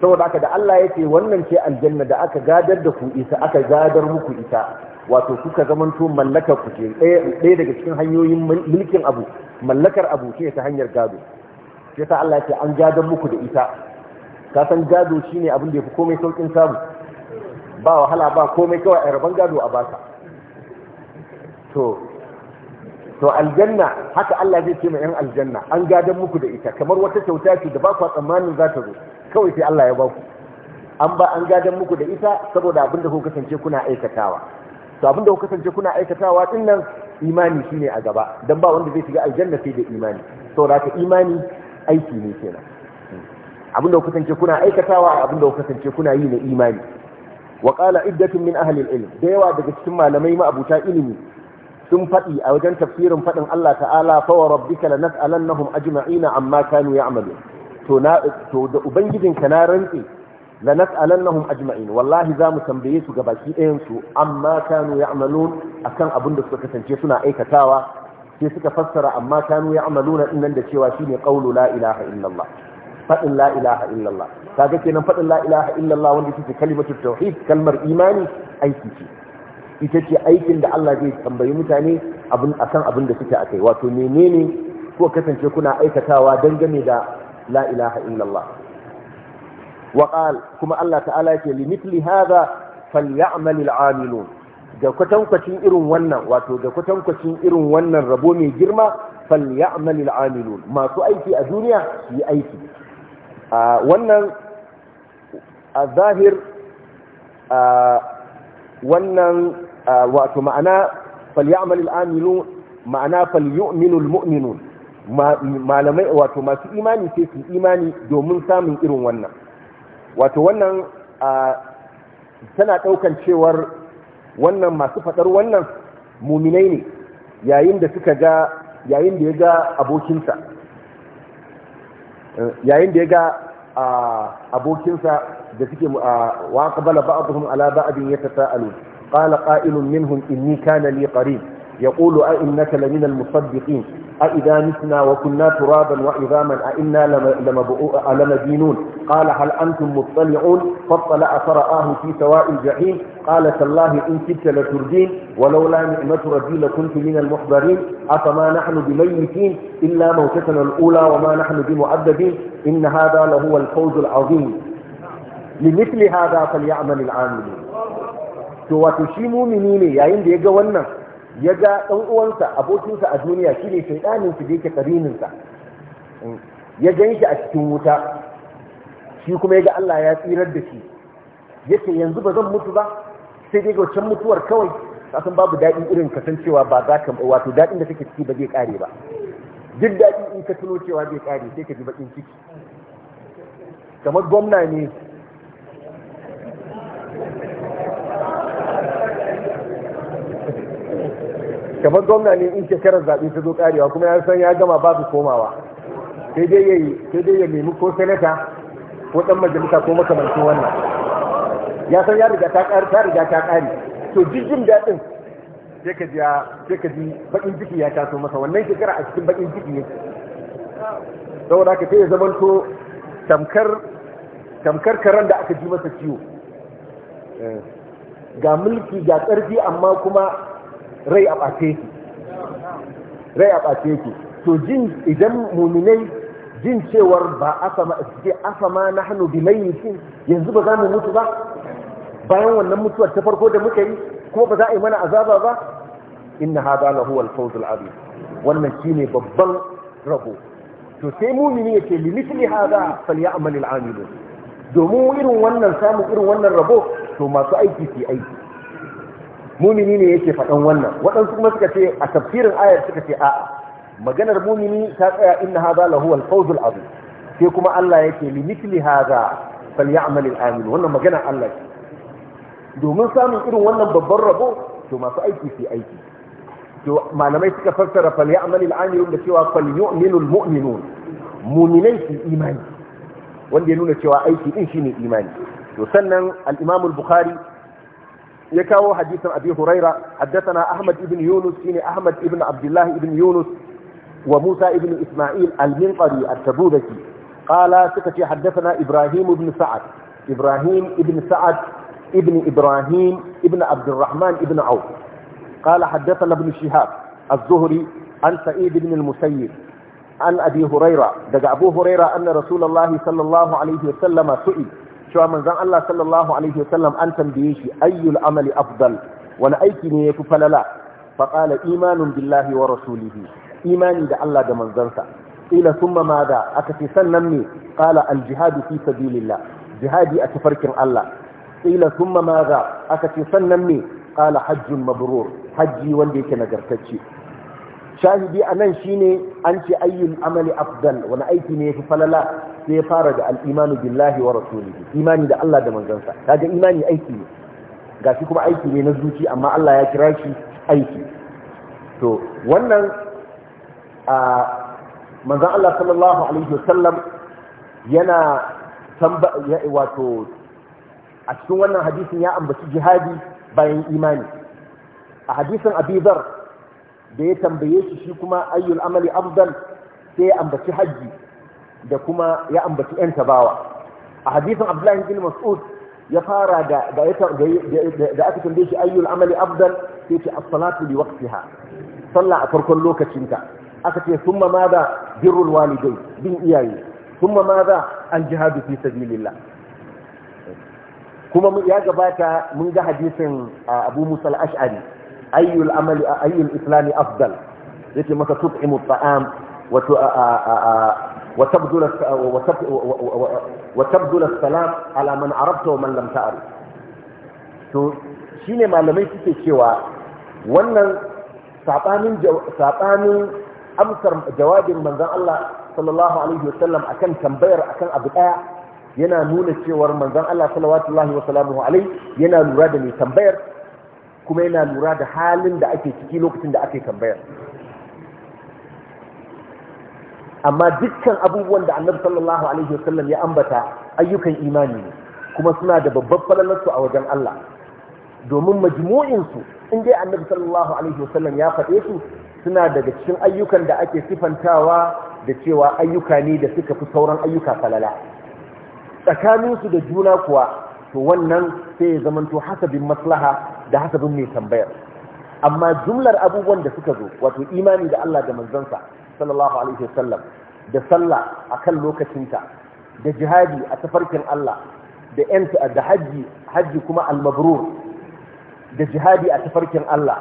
saboda haka da Allah yake wannan ce aljanna da aka gadar da ku isa aka gadar muku isa. wato kuka zamanto mallakar ku ce ɗaya daga cikin hanyoyin mulkin abu mallakar abu ce ta hanyar gado sai sa Allah ya ce an gadon muku da ita ka san gado shine abin da yafi komai saukin samu ba wahala ba komai kawai a rabon gado a baka to to aljanna haka Allah zai ce ma yan aljanna an gadon muku da ita kamar wata kyauta ce da ba ku tsammanin za ta zo kawai sai Allah ya ba ku an ba an gadon muku da ita saboda abin da kuka kasance kuna aikatawa to abinda ku kasance kuna aikatawa din nan imani shine a gaba dan ba wanda zai shiga aljanna sai da imani saboda ka imani aiki ne kenan abinda ku kasance kuna aikatawa abinda ku kasance kuna yi na imani wa qala iddatun min ahli al da yawa daga cikin malamai ma abuta ilimi sun faɗi a wajen tafsirin faɗin Allah ta'ala fa wa rabbika lanas'alannahum ajma'ina amma kanu ya'malun to na to da ubangijinka na rantsi la nas'alannahum ajma'in wallahi za mu tambaye su gabaki ɗayan su amma kanu ya'malun akan abin da suka kasance suna aikatawa sai suka fassara amma kanu ya'maluna din nan da cewa shine qaulu la ilaha illallah fadin la ilaha illallah kaga kenan fadin la ilaha illallah wanda take kalimatu tauhid kalmar imani aiki ce ita ce aikin da Allah zai tambayi mutane abin akan abin da suke akai wato menene ko kasance kuna aikatawa dangane da la ilaha illallah وقال كما الله تعالى لمثل هذا فليعمل العاملون da kwatankwacin irin wannan wato da kwatankwacin irin wannan rabo mai girma falyamal amilun masu aiki a duniya yi aiki wannan a zahir wannan wato ma'ana falyamal amilun ma'ana falyu'minu almu'minun malamai wato masu imani ce su imani domin samun irin wannan wato wannan tana ɗaukan cewar wannan masu faɗar wannan muminai ne yayin da suka ga yayin da ya ga abokinsa eh, yayin da ya ga abokinsa da suke wa qabala ba'dhum ala ba'din yatasaalu qala qa'ilun minhum inni kana li qareeb yaqulu a innaka lamina al-musaddiqin أئذا متنا وكنا ترابا وعظاما أئنا لمدينون قال هل أنتم مطلعون فاطلع فرآه في سواء الجحيم قال تالله إن كدت لتردين ولولا نعمة ربي لكنت من المحضرين أفما نحن بميتين إلا موتتنا الأولى وما نحن بمعذبين إن هذا لهو الفوز العظيم لمثل هذا فليعمل العاملين to wato shi mumini ne yayin wannan ya ga ɗan uwansa abokinsa a duniya shi ne shaidanin su da yake ƙarininsa ya gan shi a cikin wuta shi kuma ya ga Allah ya tsirar da shi yace yanzu ba zan mutu ba sai dai ga mutuwar kawai kasan babu daɗi irin kasancewa ba za ka wato daɗin da take ciki ba zai ƙare ba duk daɗi in ka tuno cewa zai ƙare sai ka ji baƙin ciki kamar gwamna ne kamar gwamna ne in shekarar zaɓe ta zo karewa kuma ya san ya gama babu komawa sai dai ya sai dai ya nemi ko sanata ko ɗan majalisa ko makamancin wannan ya san ya riga ta ƙare ta riga ta ƙare to jijjin daɗin sai ka ji sai ka ji baƙin ciki ya taso masa wannan shekara a cikin baƙin ciki ne saboda haka sai ya to tamkar tamkar karen da aka ji masa ciwo eh, ga mulki ga ƙarfi amma kuma rai a ɓace ku, rai a ɓace ku, to jin idan muminai jin cewar ba asama suke asama na hannu bi mayyitin yanzu ba za mu mutu ba bayan wannan mutuwar ta farko da muka yi kuma ba za a yi mana azaba ba inna hada la huwa al-fawz al-azim wannan shine babban rabo to sai mumini yake li mithli hada falyamal al-amilun domin irin wannan samu irin wannan rabo to masu aiki su aiki mumini ne yake faɗan wannan waɗansu kuma suka ce a tafsirin ayar suka ce a'a maganar mumini ta tsaya inna haza lahu al-fawz abu sai kuma Allah yake li mithli hadha falyamal al-amin wannan maganar Allah ce domin samun irin wannan babban rabo to masu aiki su aiki to malamai suka fassara falyamal al-amin da cewa falyu'minu al-mu'minun muminai su imani wanda ya nuna cewa aiki din shine imani to sannan al-imam al-bukhari يكاو حديث أبي هريرة حدثنا أحمد بن يونس بن أحمد بن عبد الله بن يونس وموسى بن إسماعيل المنقري التبوذكي قال سكتي حدثنا إبراهيم بن سعد إبراهيم بن سعد ابن إبراهيم ابن عبد الرحمن ابن عوف قال حدثنا ابن شهاب الزهري عن سعيد بن المسيب عن أبي هريرة دقى أبو هريرة أن رسول الله صلى الله عليه وسلم سئل cewa manzon Allah sallallahu alaihi wasallam an tambaye shi ayyul amali afdal wani aiki ne yafi falala fa qala imanun billahi wa rasulihi imani da Allah da manzansa ila thumma madha aka ce sannan me qala al jihadu fi sabilillah jihadi a tafarkin Allah ila thumma madha aka ce sannan me qala hajjun mabrur hajji wanda yake nagartacce shahidi a nan ne an ce ayyul amali afdal wani aiki ne ya fi falala sai ya fara da al'imanu billahi wa rasulihi imani da Allah da manzansa kaga imani aiki ne Ga shi kuma aiki ne na zuci amma Allah ya kira shi aiki to wannan a manzan Allah sallallahu alaihi wa sallam yana tamba wato a cikin wannan hadisin ya ambaci jihadi bayan imani a hadisin abizar da ya tambaye shi shi kuma ayyul amali afdal sai ya ambaci hajji da kuma ya ambaci yan tabawa a hadisin abdullahi bin mas'ud ya fara da da aka tambaye shi ayyul amali afdal sai ce as-salatu li waqtiha sallah a farkon ta aka ce summa madha birrul walidai bin iyaye summa madha al-jihadu fi sabilillah kuma ya gabata mun ga hadisin Abu Musa al-Ash'ari ayyul amali ayyul islami afdal yace masa tut'imu ta'am wa wa tabdul wa tabdul salam ala man arabta wa man lam ta'rif to shine malamai suke cewa wannan sabanin sabanin amsar jawabin manzon Allah sallallahu alaihi wasallam akan tambayar akan abu daya yana nuna cewar manzon Allah sallallahu alaihi wasallam yana lura da mai tambayar kuma yana lura da halin da ake ciki lokacin da ake tambayar amma dukkan abubuwan da annabi sallallahu alaihi wasallam ya ambata ayyukan imani ne kuma suna da babbar falalarsu a wajen Allah domin majmu'insu in dai annabi sallallahu alaihi wasallam ya faɗe su suna daga cikin ayyukan da ake sifantawa da cewa ayyuka ne da suka fi sauran ayyuka falala tsakaninsu da juna kuwa to wannan sai ya zamanto hasabin maslaha da hasabin mai tambayar amma jumlar abubuwan da suka zo wato imani da Allah da manzansa sallallahu alaihi wasallam da sallah akan lokacinta da jihadi a tafarkin Allah da yanta da haji haji kuma almabrur da jihadi a tafarkin Allah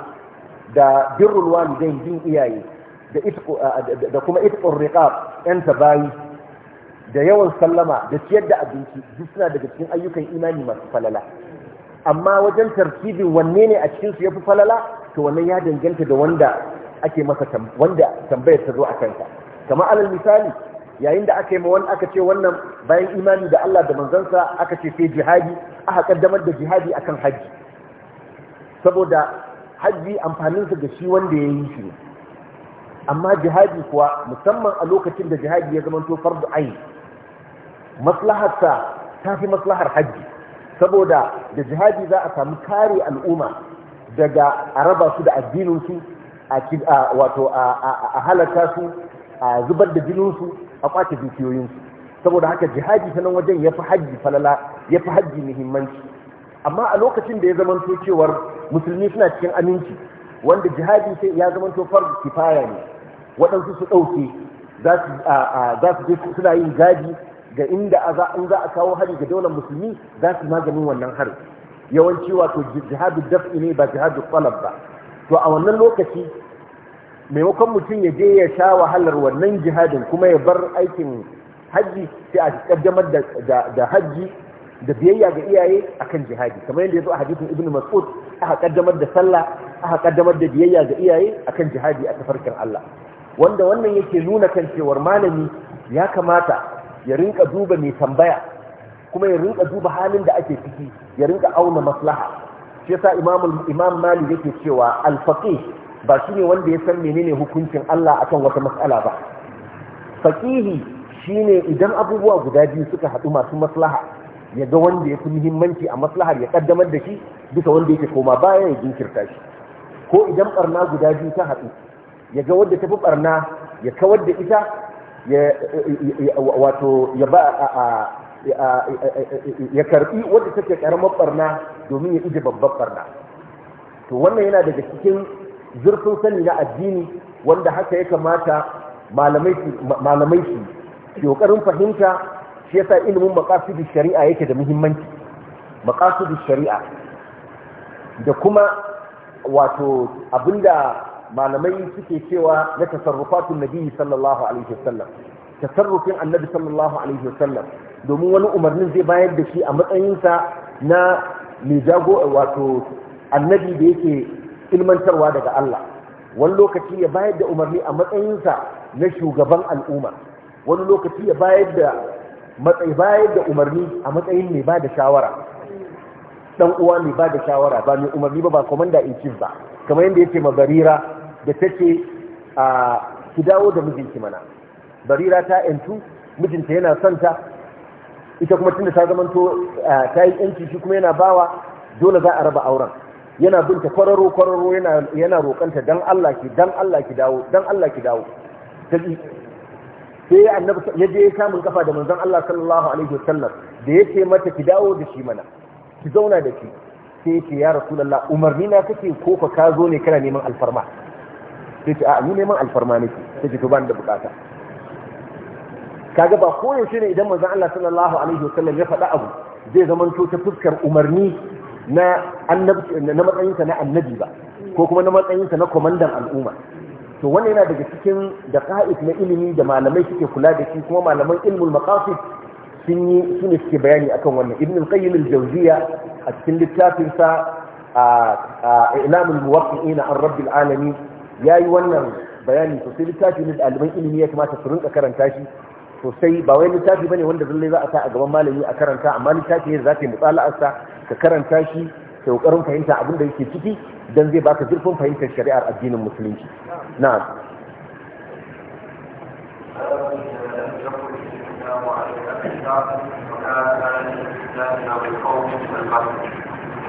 da birrul walidain din iyaye da kuma itqur riqab yanta bayi da yawan sallama da ciyar da abinci duk suna daga cikin ayyukan imani masu falala amma wajen tartibin wanne ne a cikinsu ya fi falala to wannan ya danganta da wanda ake masa wanda tambayar ta zo a kanta? kamar alal misali yayin da aka yi wani aka ce wannan bayan imani da Allah da manzansa aka ce sai jihadi aka kaddamar da jihadi akan haji saboda haji amfaninsa da shi wanda ya yi shi amma jihadi kuwa musamman a lokacin da jihadi ya zama to fardu maslaharsa ta fi maslahar hajji saboda da jihadi za a samu kare al'umma daga a raba su da addininsu a wato a halarta su a zubar da jininsu a kwace dukiyoyinsu saboda haka jihadi ta nan wajen ya fi hajji falala ya fi hajji muhimmanci amma a lokacin da ya zamanto cewar musulmi suna cikin aminci wanda jihadi sai ya zamanto far kifaya ne waɗansu su ɗauke za su je suna yin gadi ga inda in za a kawo hari ga daular musulmi za su maganin wannan hari yawanci wato jihadu daf'i ne ba jihadu qalab ba to a wannan lokaci maimakon mutum ya je ya sha wahalar wannan jihadin kuma ya bar aikin hajji sai a kaddamar da hajji da biyayya ga iyaye kan jihadi kamar yadda ya zo a hadisin ibnu mas'ud aka kaddamar da sallah aka kaddamar da biyayya ga iyaye akan jihadi a tafarkin Allah wanda wannan yake nuna kan cewar malami ya kamata ya rinka duba mai tambaya kuma ya rinka duba halin da ake ciki ya rinka auna maslaha shi yasa imam malik yake cewa al-faqih ba shine wanda ya san menene hukuncin Allah akan wata mas'ala ba faqihi shine idan abubuwa guda biyu suka haɗu masu maslaha ya ga wanda ya fi muhimmanci a maslahar ya kaddamar da shi bisa wanda yake koma baya ya jinkirta shi ko idan barna guda biyu ta haɗu ya ga wadda ta fi barna ya kawar da ita wato ya ba ya karbi wadda take karamar barna domin ya ije babbar barna to wannan yana daga cikin zurfin sani na addini wanda haka ya kamata malamai su kokarin fahimta shi yasa ilimin makasudin shari'a yake da muhimmanci Makasudin shari'a da kuma wato abinda malamai suke cewa na tasarrufatun nabi sallallahu alaihi wasallam tasarrufin annabi sallallahu alaihi wasallam domin wani umarnin zai bayar da shi a matsayinsa na mai jago wato annabi da yake ilmantarwa daga Allah wani lokaci ya bayar da umarni a matsayinsa na shugaban al'umma wani lokaci ya bayar da matsayi bayar da umarni a matsayin mai ba da shawara dan uwa mai ba da shawara ba mai umarni ba ba komanda in chief ba kamar yadda yake barira. da take a ki dawo da mijinki mana barira ta yantu mijinta yana son ta ita kuma tunda ta zamanto ta yi yanci shi kuma yana bawa dole za a raba auren yana binta kwararo kwararo yana roƙanta dan Allah ki dan Allah ki dawo dan Allah ki dawo sai annabi ya je samun kafa da manzon Allah sallallahu alaihi wasallam da yake mata ki dawo da shi mana ki zauna da shi, sai ce ya rasulullah umarni na kake ko fa ka zo ne kana neman alfarma sai ce ni neman alfarma nake sai to ba ni da bukata kaga ba koyaushe ne idan manzon Allah sallallahu alaihi wasallam ya faɗa abu zai zamanto ta fuskar umarni na na matsayinsa na annabi ba ko kuma na matsayinsa na kwamandan al'umma to wannan yana daga cikin da ka'id na ilimi da malamai suke kula da shi kuma malaman ilmul maqasid sun yi suke bayani akan wannan ibn al-qayyim al-jawziya a cikin littafinsa, sa a ilamul muwaqqi'ina an rabbil alamin ya yi wannan bayani sosai littafi ne da ɗaliban ilimi ya kamata su rinka karanta shi sosai ba wai littafi bane wanda zallai za a sa a gaban malami a karanta amma littafi ne da za ka ka karanta shi ka kokarin fahimta abin da yake ciki dan zai baka zurfin fahimtar shari'ar addinin musulunci na'am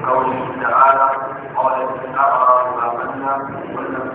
قوله تعالى قال إن أبرر ما منا ولم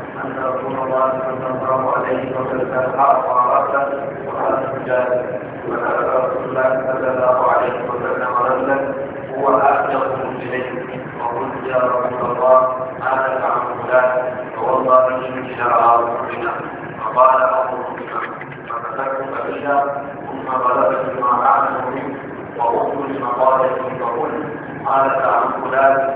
أن رسول الله صلى الله عليه وسلم أعطى رجلا وقال مجاهد وسأل رسول الله صلى الله عليه وسلم رجلا هو أحجبه إليه وقلت يا رسول الله أنا فعل فلان فوالله إني لأرى بنا فقال أمر بنا فكتبت فيها ثم غلبت ما أعلم منه وقلت لمقالتي فقلت قال فعل فلان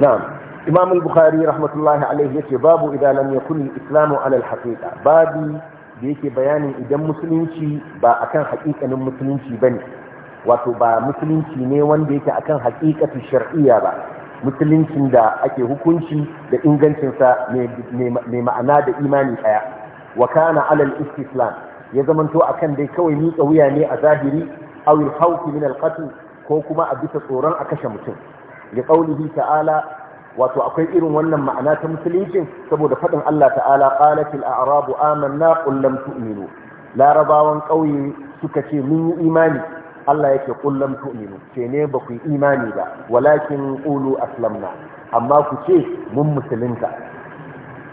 نعم امام البخاري رحمه الله عليه يكي باب اذا لم يكن الاسلام على الحقيقه بابي بيكي بيان اذا مسلمشي با اكن حقيقه المسلمشي بني wato ba musulunci ne wanda yake akan haƙiƙatu shar'iyya ba musuluncin da ake hukunci da ingancinsa mai ma'ana da imani ɗaya wa kana alal istislam ya zamanto akan dai kawai miƙa wuya ne a zahiri aw al min al ko kuma a bisa tsoron a kashe mutum ya qawlihi ta'ala wato akwai irin wannan ma'ana ta musuluncin saboda faɗin Allah ta'ala qalatil a'rabu amanna qul lam tu'minu larabawan ƙauye suka ce mun yi imani Allah yake kullum tu'minu ce ne ba ku imani ba walakin qulu aslamna amma ku ce mun musulunta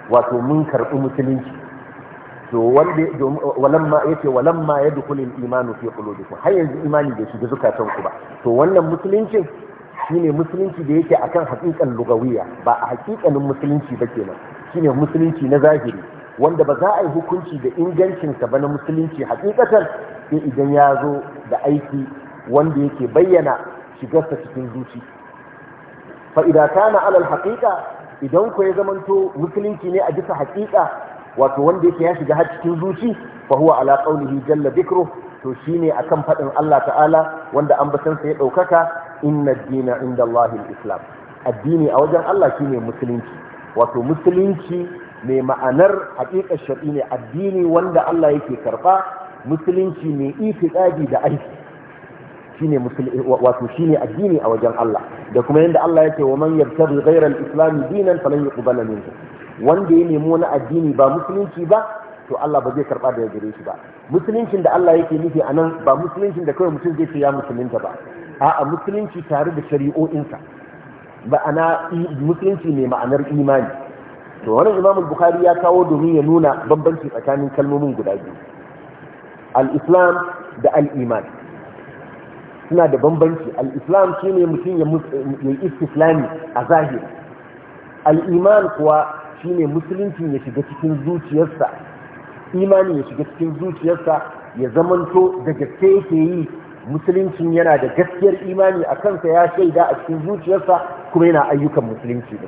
wato mun karɓi musulunci to wanda walamma yake walamma yadkhulul imanu fi qulubikum har yanzu imani da shi zukatan ku ba to wannan musuluncin shine musulunci da yake akan hakikan lugawiya ba a hakikanin musulunci ba kenan shine musulunci na zahiri wanda ba za a yi hukunci da ingancinsa ba na musulunci hakikatan sai idan ya zo da aiki wanda yake bayyana shigarsa cikin zuci fa'ida idan kana alal haƙiƙa idan ku ya zamanto musulunci ne a bisa haƙiƙa. wato wanda yake ya shiga har cikin zuci fa huwa ala qawlihi jalla dhikru to shine akan fadin Allah ta'ala wanda an basan sa ya daukaka inna dina inda Allahi islam addini a wajen Allah shine musulunci wato musulunci mai ma'anar haƙiƙar shar'i ne addini wanda Allah yake karɓa musulunci mai itikadi da aiki shine wato shine addini a wajen Allah da kuma yadda Allah yake wa man yabtaghi ghayra al-islam dinan falan yuqbala minhu wanda ya nemi wani addini ba musulunci ba to Allah ba zai karba ya gare shi ba musuluncin da Allah yake nufi a nan, ba musuluncin da kawai mutum zai ce ya musulunta ba a'a musulunci tare da shari'o'insa ba musulunci ne ma'anar imani to wannan Imam Bukhari ya kawo domin ya nuna bambanci tsakanin kalmomin guda biyu al-islam da al-iman suna da bambanci al-islam shine mutum ya yi a zahiri al-iman kuwa shine musulunci ya shiga cikin zuciyarsa imani ya shiga cikin zuciyarsa ya zamanto da gaske yake yi musuluncin yana da gaskiyar imani a kansa ya shaida a cikin zuciyarsa kuma yana ayyukan musulunci ne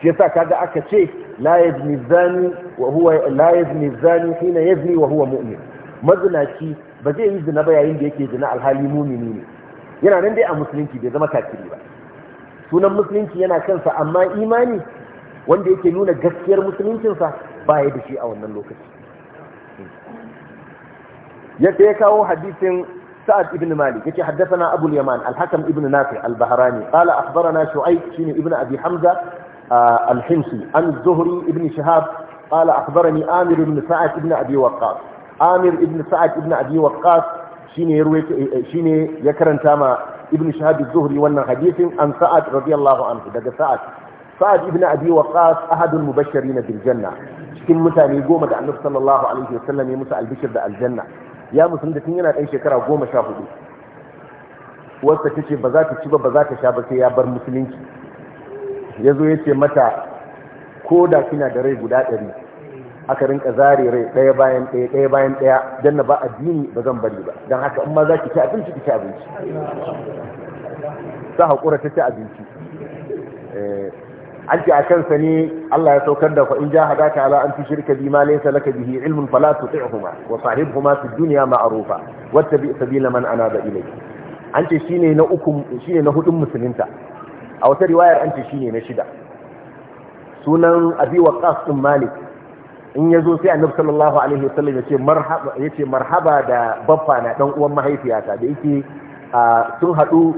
shi yasa kaga aka ce la yazni zani wa huwa la yazni wa huwa mu'min mazinaci ba zai yi zina ba yayin da yake zina alhali mumini ne yana nan dai a musulunci bai zama kafiri ba sunan musulunci yana kansa amma imani wanda yake nuna gaskiyar musuluncinsa ba ya da shi a wannan lokaci yadda ya kawo hadisin سعد بن مالك يتي al أبو اليمان الحكم ابن نافع البهراني قال أخبرنا Ibn شين ابن أبي hamza uh, himsi الحمصي عن zuhri ibn شهاب قال أخبرني آمر بن سعد بن أبي وقاص amir ibn sa'ad ibn abi waqqas shine ya shine ya karanta ma ibn shahab az-zuhri wannan hadisin an sa'ad radiyallahu anhu daga sa'ad sa'ad ibn abi waqqas ahadul mubashirin bil janna cikin mutane goma da annabi sallallahu alaihi wasallam ya musu albishir da aljanna ya da tun yana dan shekara goma sha hudu wasta ta ce ba za ta ci ba ba za ta sha ba sai ya bar musulunci ya zo ya ce mata ko da kina da rai guda ɗari aka rinka zare rai ɗaya bayan ɗaya ɗaya bayan ɗaya don na ba addini ba zan bari ba don haka in ma za ki ci abinci ki ci abinci ta haƙura ta ci abinci eh, an ce a kansa ne Allah ya saukar da fa'in ja hadaka ala an fi shirka bi ma laysa laka bihi ilmun fala tuti'huma wa sahibhuma fi dunya ma'rufa wattabi sabila man anaba ilayk an ce shine na uku shine na hudun musulunta a wata riwayar an ce shine na shida sunan abi waqas bin malik in ya zo sai annabi sallallahu alaihi wasallam ya ce marhaba ya ce marhaba da baffa na dan uwan mahaifiyata da yake sun hadu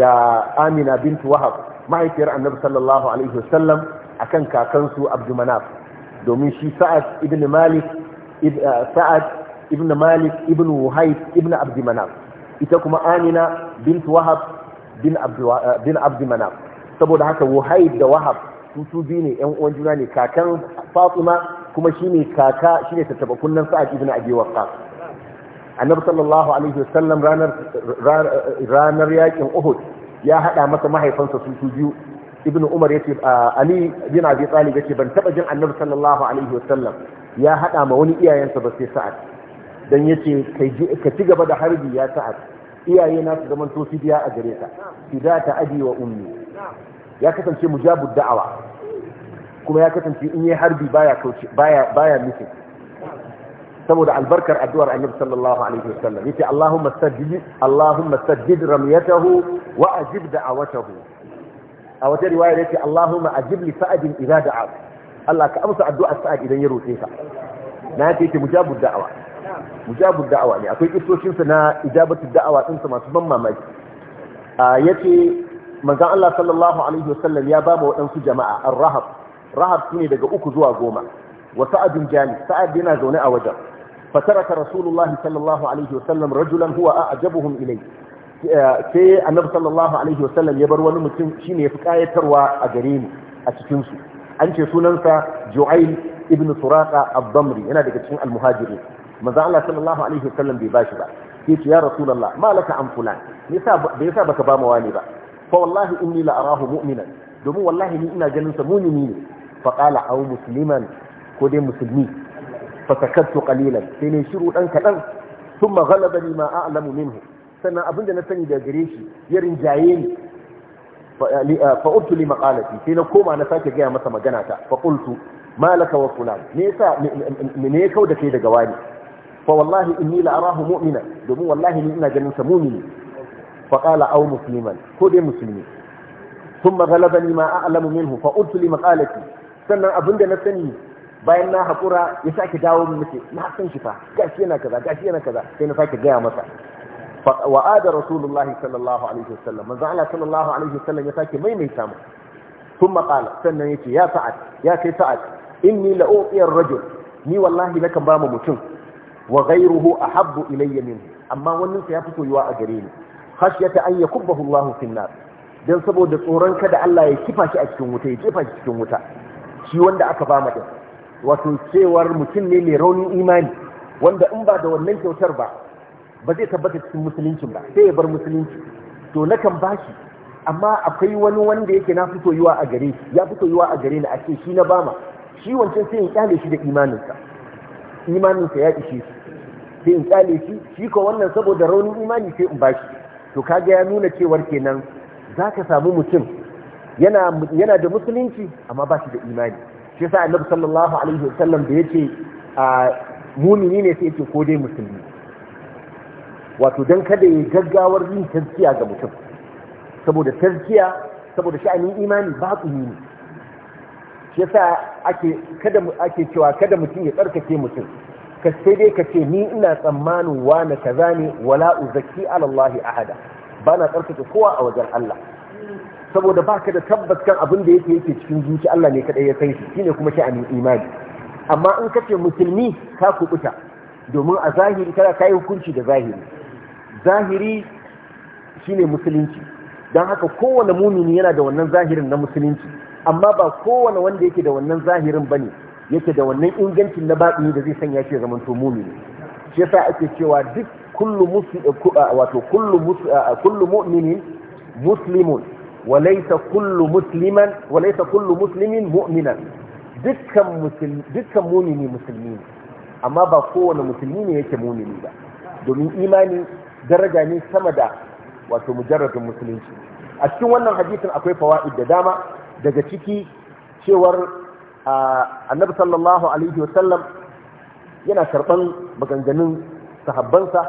da Amina bintu Wahab mahaifiyar annabi sallallahu alaihi wasallam akan kakansu Abdul Manaf domin shi Sa'ad ibn Malik Sa'ad ibn Malik ibn Wuhayb ibn Abdul Manaf ita kuma Amina bintu Wahab bin Abdul Manaf saboda haka Wuhayb da Wahab su su biyu ne ƴan uwan juna ne kakan Fatima kuma ne kaka shine tattaba kunnan sa'ad ibn abi waqqas annabi sallallahu alaihi wasallam ranar ranar yakin uhud ya hada masa mahaifansa su biyu ibn umar yace ali bin abi talib yace ban taba jin annabi sallallahu alaihi wasallam ya hada ma wani iyayensa ba sai sa'ad dan yace ka ci gaba da harbi ya sa'ad iyaye na su zaman to a gare ka fidata abi wa ummi ya kasance mujabud da'awa kuma ya kasance in yi harbi baya kauce baya baya mutum saboda albarkar addu'ar annabi sallallahu alaihi wasallam yace Allahumma saddid Allahumma saddid ramyatahu wa ajib da'awatahu a wata riwaya yace Allahumma ajib li sa'adin idza da'a Allah ka amsa addu'ar sa'ad idan ya roƙe ka na yace yace mujabud da'awa mujabud da'awa ne akwai kistocin sa na ijabatu da'awa din sa masu ban mamaki yace manzon Allah sallallahu alaihi wasallam ya ba wa waɗansu jama'a ar-rahab rahab shine daga uku zuwa goma wa abin jani sa'ad yana zaune a wajen fataraka rasulullahi sallallahu alaihi sallam. rajulan huwa a'jabuhum ilayhi sai annabi sallallahu alaihi sallam ya bar wani mutum shine yafi kayatarwa a gare ni a cikin su an ce sunansa Ju'ail ibn Suraqa ad-Damri yana daga cikin al-Muhajirin manzo Allah sallallahu alaihi sallam bai bashi ba yace ya rasulullah malaka an fulan yasa bai yasa baka ba mu wani ba fa wallahi inni la arahu mu'minan domin wallahi ni ina ganin sa mu'mini ne faƙala au musliman ko dai musulmi fasakattu qalilan sai ne shiru dan kadan thumma ghalabani ma a'lamu minhu sannan abin da na sani da gare shi ya rinjaye ni fa sai na koma na sake gaya masa magana ta fa qultu malaka wa fulan me yasa me kau da kai daga wani fa wallahi inni la arahu mu'mina domin wallahi ni ina ganin ko dai musulmi ma sannan abin da na sani bayan na haƙura ya sake dawo min na san shi fa gashi yana kaza gashi yana kaza sai na sake gaya masa wa ada rasulullah sallallahu alaihi wasallam manzo Allah sallallahu alaihi wasallam ya sake maimaita mu thumma qala sannan yace ya sa'ad ya kai sa'ad inni la u'ti ar-rajul ni wallahi nakan ba mu mutum wa ghayruhu ahabbu ilayya minhu amma wannan sa yafi soyuwa a gare ni khashyata an yakubbahu Allah fi an-nar dan saboda tsoron kada Allah ya kifa shi a cikin wuta ya jefa shi cikin wuta shi wanda aka ba mu wato cewar mutum ne mai raunin imani wanda in ba da wannan kyautar ba ba zai tabbata cikin musulunci ba sai ya bar musulunci to na kan bashi amma akwai wani wanda yake na fito yiwa a gare shi ya fito yiwa a gare ni a ce shi na bama shi wancan sai in kyale shi da imaninsa imaninsa ya ishe shi sai in kyale shi shi ko wannan saboda raunin imani sai in bashi to kaga ya nuna cewar kenan zaka samu mutum yana da musulunci amma ba shi da imani shi yasa annabi sallallahu alaihi wasallam da yace a mumini ne sai yace ko dai musulmi wato dan kada ya gaggawar yin tazkiya ga mutum saboda tazkiya saboda sha'anin imani ba ne shi yasa ake kada ake cewa kada mutum ya tsarkake mutum ka sai dai ka ce ni ina tsammanin na kaza ne wala uzaki ala Allah ahada bana tsarkake kowa a wajen Allah saboda baka da tabbas kan abin da yake yake cikin zuci Allah ne kadai ya san shi shine kuma sha'anin imani amma in ka ce musulmi ka kubuta domin a zahiri kada kai hukunci da zahiri zahiri shine musulunci don haka kowane mumini yana da wannan zahirin na musulunci amma ba kowane wanda yake da wannan zahirin bane yake da wannan ingancin na baɗi da zai sanya shi zaman to mumini shi yasa ake cewa duk kullu eh, eh, wato eh, kullu mu'minin muslimun وليس كل مسلما وليس كل مسلم مؤمنا amma ba kowane musulmi ne yake mumini ba domin imani daraja ne sama da wato mujarradin musulunci a cikin wannan hadisin akwai fawaid da dama daga ciki cewar annabi sallallahu alaihi wasallam yana karban maganganun sahabbansa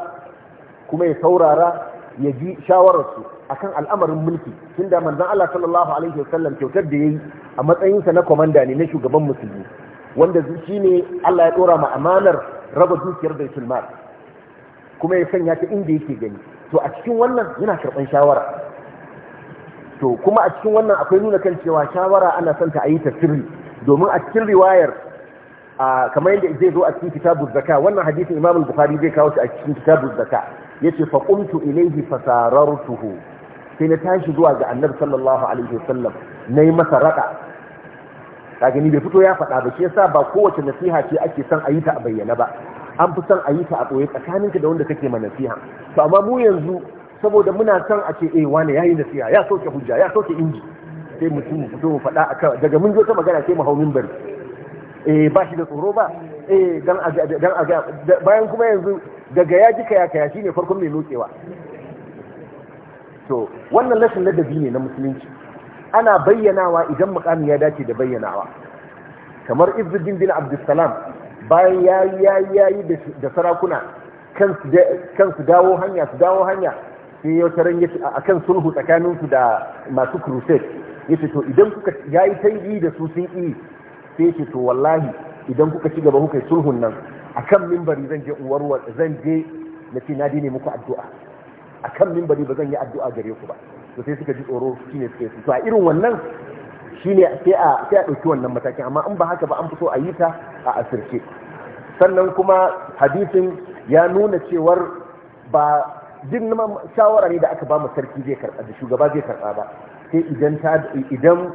kuma ya saurara ya ji shawararsu akan al'amarin mulki tunda manzon Allah sallallahu alaihi wasallam kyautar da yayi a matsayinsa na komanda ne na shugaban musulmi wanda shi ne Allah ya dora ma amanar raba dukiyar baitul mal kuma ya sanya ta inda yake gani to a cikin wannan yana karɓar shawara to kuma a cikin wannan akwai nuna kan cewa shawara ana son ta a yi ta sirri domin a cikin riwayar kamar yadda zai zo a cikin kitabu zaka wannan hadisin imam bukhari zai kawo shi a cikin kitabu zaka yace fa qumtu ilayhi fasarartuhu sai na tashi zuwa ga annabi sallallahu alaihi wasallam na yi masa raɗa kaga ni bai fito ya faɗa ba shi yasa ba kowace nasiha ce ake son a yi ta a bayyana ba an fi son a yi ta a ɓoye tsakaninka da wanda kake ma nasiha to amma mu yanzu saboda muna son a ce eh wane yayi nasiha ya sauke hujja ya sauke inji sai mutum fito mu faɗa akan daga mun zo ta magana sai mu hau minbari eh ba shi da tsoro ba eh dan a ga, bayan kuma yanzu daga ya ji kaya kaya shine farkon mai lokewa to wannan rashin ladabi ne na musulunci ana bayyanawa idan mukami ya dace da bayyanawa kamar izzuddin bin abdussalam bayan yayi yayi yayi da sarakuna kan su dawo hanya su dawo hanya sai ya taran yace akan sulhu tsakanin su da masu crusade yace to idan kuka yayi tangi da su sun yi sai yace to wallahi idan kuka ci gaba kuka yi sulhun nan akan minbari zan je in zan je na ce na dine muku addu'a akan mimbari ba zan yi addu'a gare ku ba to sai suka ji tsoro shine suke su to a irin wannan shi ne a sai a ɗauki wannan matakin amma in ba haka ba an so a yi ta a asirce sannan kuma hadisin ya nuna cewar ba duk shawara ne da aka ba mu sarki zai karɓa da shugaba zai karɓa ba sai idan ta idan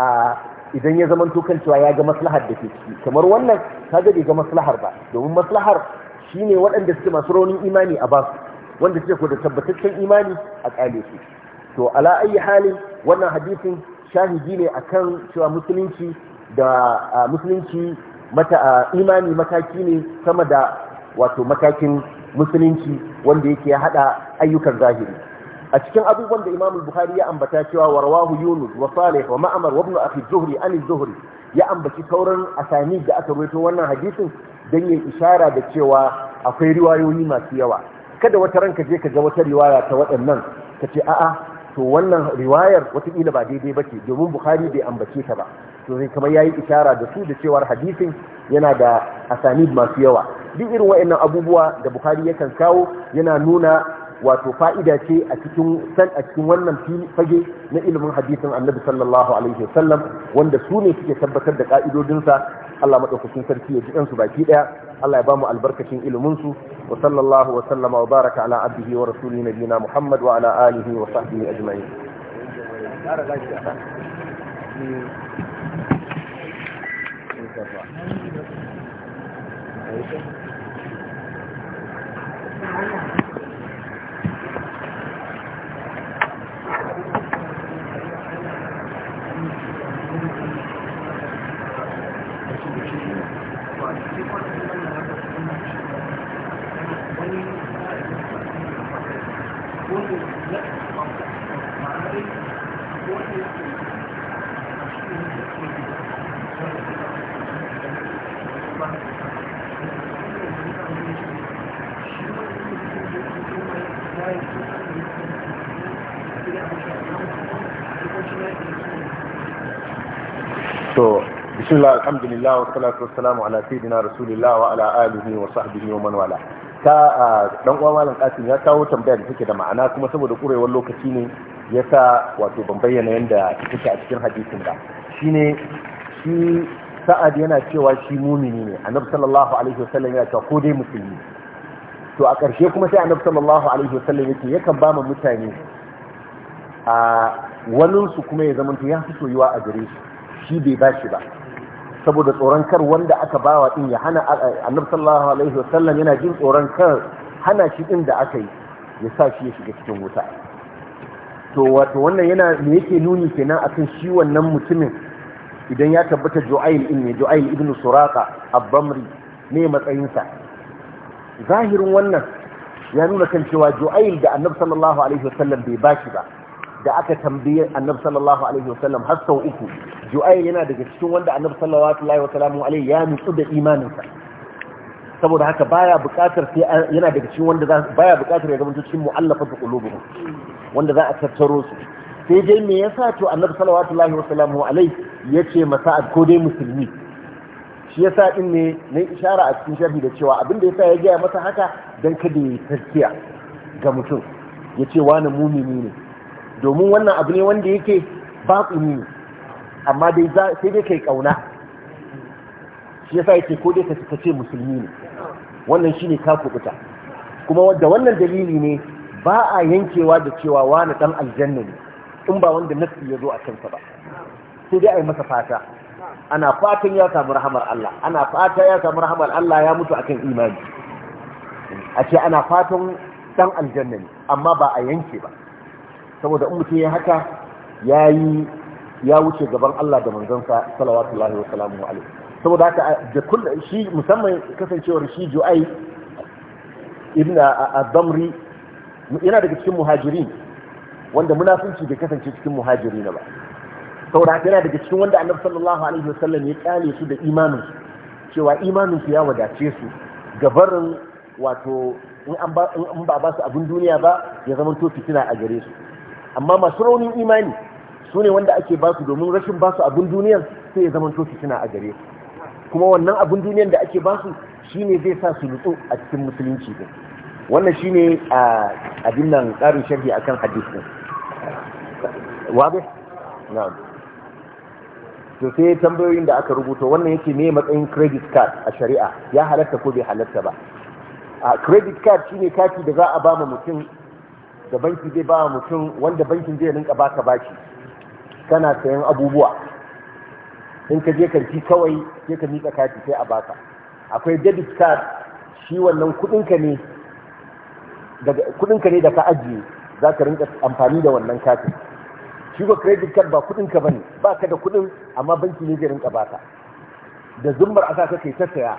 a idan ya zama kan cewa ya ga maslahar da ke ciki kamar wannan ta ga ga maslahar ba domin maslahar shine waɗanda suke masu raunin imani a basu wanda suke ko da tabbataccen imani a kale su to ala ayi halin wannan hadisin shahidi ne akan cewa musulunci da musulunci mata imani mataki ne sama da wato matakin musulunci wanda yake ya hada ayyukan zahiri a cikin abubuwan da imamul Bukhari ya ambata cewa warwahu Yunus wa Salih wa Ma'mar wa Ibn Akhi Zuhri an Zuhri ya ambaci sauran asani da aka rawaito wannan hadisin dan yin ishara da cewa akwai riwayoyi masu yawa kada wata ranka je ka ga wata riwaya ta waɗannan ka ce a'a to wannan riwayar wataƙila ba daidai ba ce domin bukhari bai ambace ta ba to zai kamar yayi ishara da su da cewar hadisin yana da asanid masu yawa duk irin waɗannan abubuwa da bukhari yakan kawo yana nuna wato fa'ida ce a cikin san a cikin wannan fage na ilimin hadisin annabi sallallahu alaihi wasallam wanda su ne suke tabbatar da ka'idodinsa Allah madaukakin sarki ya ji ɗansu baki ɗaya Allah ya ba mu albarkacin iliminsu wa sallallahu wa sallama wa baraka ala abdihi wa rasuli nabiyina Muhammad wa ala alihi wa sahbihi ajma'in Thank you. bismillah alhamdulillah wa salatu wa salamu ala sayyidina rasulillah wa ala alihi wa sahbihi wa man wala ta dan uwa malam kasim ya kawo tambaya da take da ma'ana kuma saboda kurewar lokaci ne ya sa wato ban bayyana yanda take a cikin hadisin da. shine shi sa'ad yana cewa shi mumini ne annabi sallallahu alaihi wasallam ya ce ko dai musulmi to a ƙarshe kuma sai annabi sallallahu alaihi wasallam yake yakan ba mu mutane a waninsu kuma ya zama ya fi soyuwa a gare shi shi bai ba shi ba saboda tsoron kar wanda aka bawa din ya hana annabi sallallahu alaihi wasallam yana jin tsoron kar hana shi din da aka yi ya sa shi ya shiga cikin wuta to wato wannan yana me yake nuni kenan akan shi wannan mutumin idan ya tabbata Ju'ail din ne Ju'ail ibn Suraqa Abamri ne matsayinsa zahirin wannan ya nuna kan cewa Ju'ail da Annabi sallallahu alaihi wasallam bai bashi ba da aka tambaye annabi sallallahu alaihi wasallam har sau uku ju'ayl yana daga cikin wanda annabi sallallahu alaihi wasallam alaihi ya nutsu da imaninsa saboda haka baya buƙatar sai yana daga cikin wanda baya buƙatar ya zama cikin mu'allafatu qulubuhum wanda za a tattaro su sai dai me yasa to annabi sallallahu alaihi wasallam alaihi yace masa ko dai musulmi shi yasa din ne na ishara a cikin sharhi da cewa abinda yasa ya ga masa haka dan kada ya tarkiya ga mutum yace wani mumini ne domin wannan abu ne wanda yake ne amma dai sai dai kai kauna shi yasa yake ko dai ka ce musulmi ne wannan shine kaku kuta kuma da wannan dalili ne ba a yankewa da cewa wani dan aljanna ne in ba wanda nafsi ya zo a kansa ba sai dai a yi masa fata ana fatan ya samu rahamar Allah ana fata ya samu rahamar Allah ya mutu akan imani a ce ana fatan dan aljanna ne amma ba a yanke ba saboda in mutum ya haka ya yi ya wuce gaban Allah da manzansa salawatullahi wa salamu alaihi saboda haka da kullu shi musamman kasancewar shi Ju'ai ibn ad-Damri yana daga cikin muhajirin wanda munafunci bai kasance cikin muhajiri ba saboda haka yana daga cikin wanda annabi sallallahu alaihi sallam ya kyale su da imanin cewa imanin su ya wadace su gabarin wato in ba ba su abin duniya ba ya zama to fitina a gare su amma masu raunin imani su ne wanda ake su domin rashin ba su abin duniyar sai ya zama toki suna a gare kuma wannan abin duniyar da ake basu shine zai sa su lutsu a cikin musulunci din wannan shi ne a abin nan karin sharhi akan hadisi wabe na'am to sai tambayoyin da aka rubuta wannan yake ne matsayin credit card a shari'a ya halatta ko bai halatta ba a credit card shine kati da za a ba mutum da banki zai ba mutum wanda bankin zai rinka baka baki kana sayan abubuwa in ka je karfi kawai sai ka miƙa kati sai a baka akwai debit card shi wannan kudinka ne kudinka ne da ka ajiye za ka rinka amfani da wannan katin shi ko credit card ba kudinka bane ba ka da kudin amma banki ne zai rinka baka da zumbar asa ka kai ta saya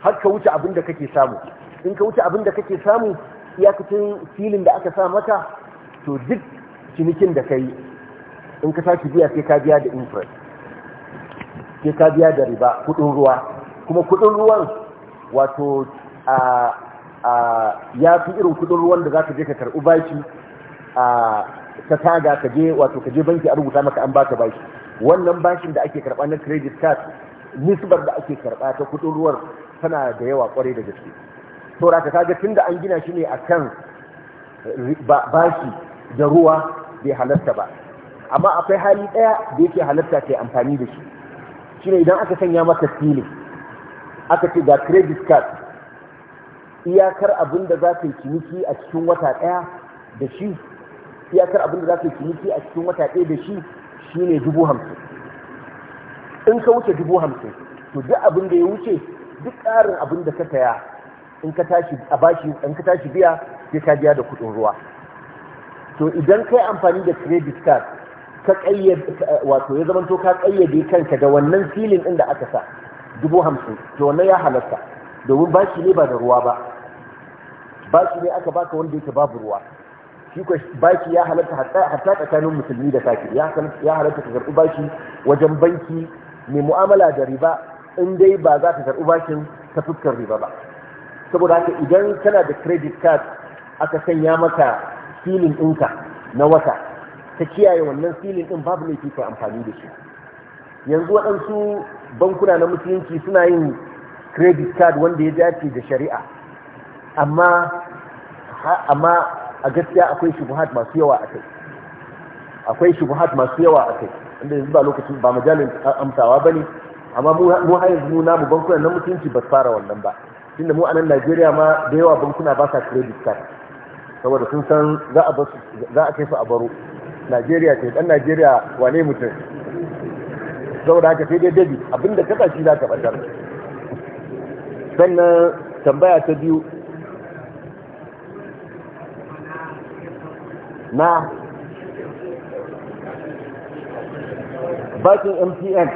har ka wuce abin da kake samu in ka wuce abin da kake samu iyakacin filin da aka sa maka to duk cinikin da ka yi in ka sake biya sai ka biya da interest sai ka biya da riba kudin ruwa kuma kudin ruwan wato a ya fi irin kudin ruwan da za ka je ka karɓi baki a ta taga ka je wato ka je banki a rubuta maka an baka baki wannan bashin da ake karɓa na credit card nisbar da ake karɓa ta kudin ruwan tana da yawa kwarai da gaske saura ka kaga da an gina shi ne akan bashi da ruwa bai halarta ba amma akwai hali daya da yake halatta yi amfani da shi Shi ne idan aka sanya maka filin, aka ce ga credit card iyakar abin da za ka yi ciniki a cikin wata daya da shi iyakar abin da za ka yi ciniki a cikin wata daya da shi shi ne dubu hamsin in ka wuce dubu hamsin to duk abin da ya wuce duk ƙarin abin da ka taya. in ka tashi a bashi in ka tashi biya sai ka biya da kuɗin ruwa to idan kai amfani da credit card ka kayyade wato ya zamanto ka kayyade kanka da wannan filin din da aka sa dubu hamsin to wannan ya halatta domin bashi ne ba da ruwa ba bashi ne aka baka wanda yake babu ruwa shi ko baki ya halatta hatta tsakanin musulmi da kafir ya halatta ka karɓi baki wajen banki mai mu'amala da riba in dai ba za ka karɓi bakin ta fuskar riba ba saboda haka idan kana da credit card aka sanya maka filin ɗinka na wata ta kiyaye wannan filin ɗin babu laifi kai amfani da shi yanzu waɗansu bankuna na musulunci suna yin credit card wanda ya dace da shari'a amma amma a gaskiya akwai shubuhat masu yawa a kai akwai shubuhat masu yawa a kai inda yanzu ba lokacin ba majalin amsawa ba ne amma mu har yanzu mu namu bankunan na mutunci ba fara wannan ba tunda mu a nan Najeriya ma da yawa bankuna ba sa credit card saboda sun san za a za a kai su a baro Najeriya ce dan Najeriya wane mutum saboda haka sai dai dabi abinda ka tsaki za ka bandar sannan tambaya ta biyu na bakin MTN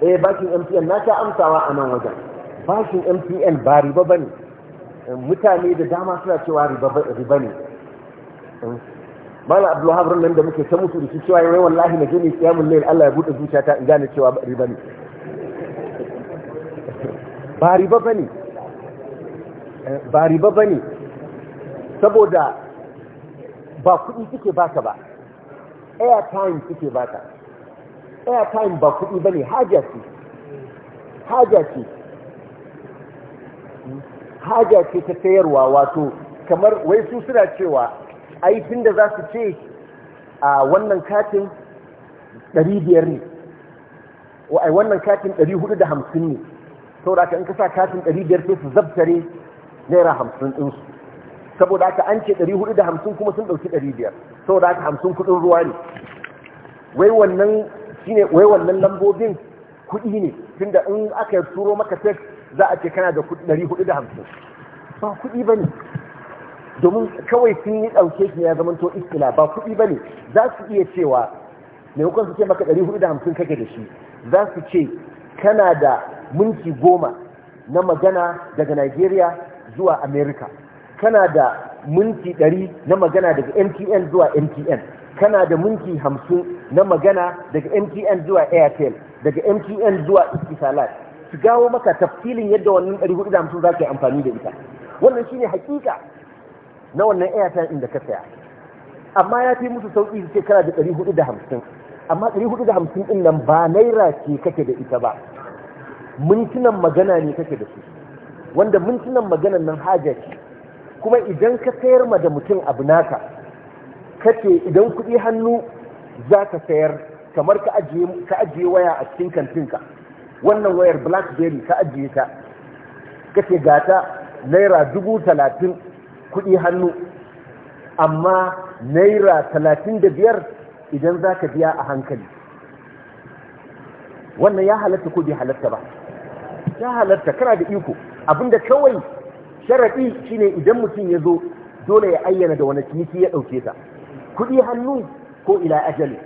eh bakin MTN na ta amsawa a nan wajen bashin MTN ba riba ba ne mutane da dama suna cewa riba ne mala abdullahi nan da muke ta musu da su cewa yawai wallahi na gani kiyamun lail Allah ya buɗe zuciyata in gane cewa riba ne ba riba ba ne ba riba ba ne saboda ba kuɗi suke baka ba airtime suke baka airtime ba kuɗi ba ne haja ce haja ce haja ce ta sayarwa wato kamar wai su suna cewa ai da za su ce a wannan katin 500 ne wa ai wannan katin 450 ne saboda haka in ka sa katin 500 sai su zabtare naira 50 ɗinsu saboda haka an ce 450 kuma sun ɗauki 500 saboda haka 50 kudin ruwa ne wai wannan shine wai wannan lambobin kudi ne tunda in aka turo maka text za a ce kana da ɗari hudu da hamsin ba kuɗi ba ne domin kawai sun yi ɗauke shi ya zama to iskila ba kuɗi ba ne za su iya cewa maimakon su ce maka ɗari hudu da hamsin kake da shi za su ce kana da minti goma na magana daga Najeriya zuwa Amerika kana da minti ɗari na magana daga MTN zuwa MTN kana da minti hamsin na magana daga MTN zuwa Airtel daga MTN zuwa Istisalat su gawo maka tafsilin yadda wannan ɗari da hamsin za ka yi amfani da ita wannan shi ne hakika na wannan airtime inda ka saya amma ya fi musu sauki su ce kana da hamsin. amma ɗari hamsin ɗin nan ba naira ce kake da ita ba mintunan magana ne kake da su wanda mintunan maganan nan haja ce kuma idan ka sayar ma da mutum abu naka kace idan kuɗi hannu za ka sayar kamar ka ajiye waya a cikin kantinka wannan wayar blackberry ka ajiye ta kace ta naira dubu talatin kuɗi hannu amma naira talatin da biyar idan za ka biya a hankali wannan ya halatta ko bai halatta ba ya halatta kana da iko abinda kawai sharaɗi shine idan mutum ya zo dole ya ayyana da wani ciniki ya ɗauke ta kuɗi hannu ko ila ajali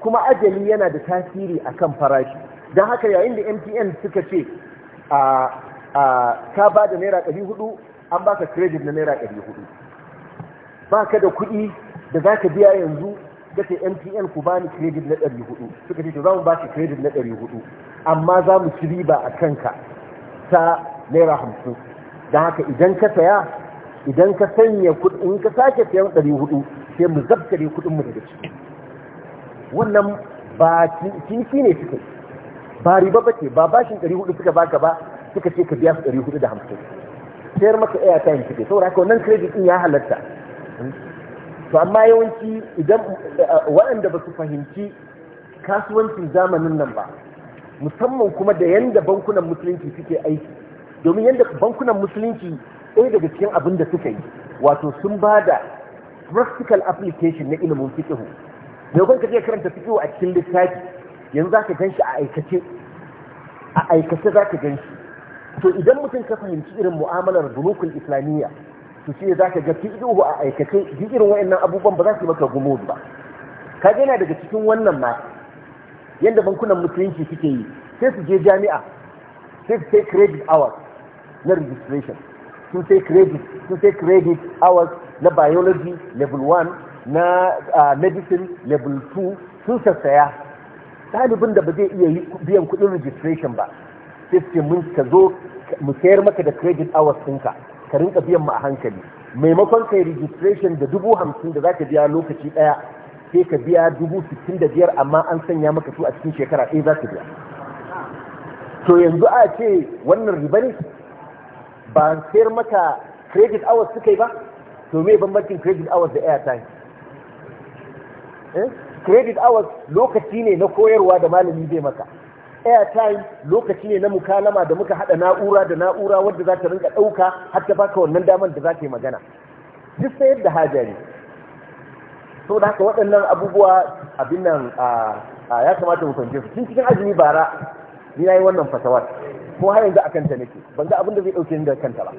kuma ajali yana da tasiri akan farashi don haka yayin da mtn suka ce a ka ba da naira 400 an baka credit na naira 400 ba ka da kudi da za ka biya yanzu ga ce mtn ku ba ni credit na 400 suka ce to za mu ba ka credit na 400 amma za mu ci riba a kanka ta naira 50 don haka idan ka saya idan ka sanya kuɗin ka sake sayan 400 sai mu zabtare kuɗin mu daga ciki wannan ba ciniki ne suka yi ba riba ba ce ba bashin 400 suka baka ba suka ce ka biya su 450 sayar maka air time suke saboda haka wannan credit din ya halatta to amma yawanci idan eh, waɗanda ba su fahimci kasuwancin zamanin nan ba musamman kuma da yanda bankunan musulunci suke aiki domin yanda bankunan musulunci ɗaya daga cikin abin da suka yi wato sun ba da practical application na ilimin fikihu da yawan ka karanta fikihu a cikin littafi yanzu aka gan ganshi a aikace a aikace za ka ganshi to idan mutum ka fahimci irin mu'amalar bulukul islamiyya to shi za ka ga fi'luhu a aikace duk irin wa'annan abubuwan ba za su maka gumo ba ka yana daga cikin wannan ma yanda bankunan musulunci suke yi sai su je jami'a sai su take credit hours na registration sun sai credit sun sai credit hours na biology level 1 na ah, medicine level 2 sun sassaya ɗalibin da ba zai iya biyan kuɗin registration ba sai mun ka zo mu sayar maka da credit hours ɗinka ka rinka biyan mu a hankali maimakon kai registration da dubu hamsin da zaka biya lokaci ɗaya sai ka biya dubu sittin da biyar amma an sanya maka su a cikin shekara ɗaya za ka biya to yanzu a ce wannan riba ne ba sayar maka credit hours suka yi ba to me bambancin credit hours da airtime eh credit hours lokaci ne na koyarwa da malami zai maka airtime lokaci ne na mukalama da muka hada na'ura da na'ura wadda za ta rinka dauka har ta baka wannan daman da za ta yi magana duk sayar da haja ne so da haka waɗannan abubuwa abin nan ya kamata mu fahimce su tun cikin azumi bara ni nayi wannan fasawar ko har yanzu a kanta nake ban ga abin da zai dauke ni da kanta ba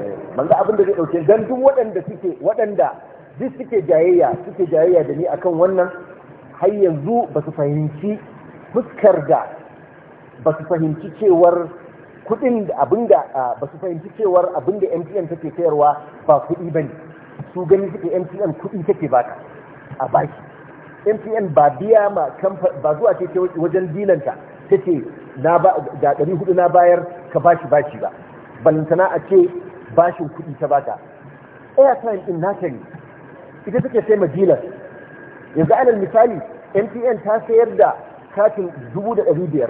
eh, ban ga abin da zai dauke dan duk waɗanda suke waɗanda duk suke jayayya suke jayayya da ni akan wannan har yanzu ba su fahimci fuskar da ba su fahimci cewar kudin abinda ba su fahimci cewar abinda MTN take sayarwa ba kudi bane su gani suke MTN kudi take baka a baki MTN ba biya ma ba zuwa ce ce wajen dilanta take na ba da dari hudu na bayar ka bashi bashi ba balantana a ce bashin kudi ta baka airtime din naka ne ita take sai madilar yanzu alal misali mpn ta sayar da katin dubu da ɗari biyar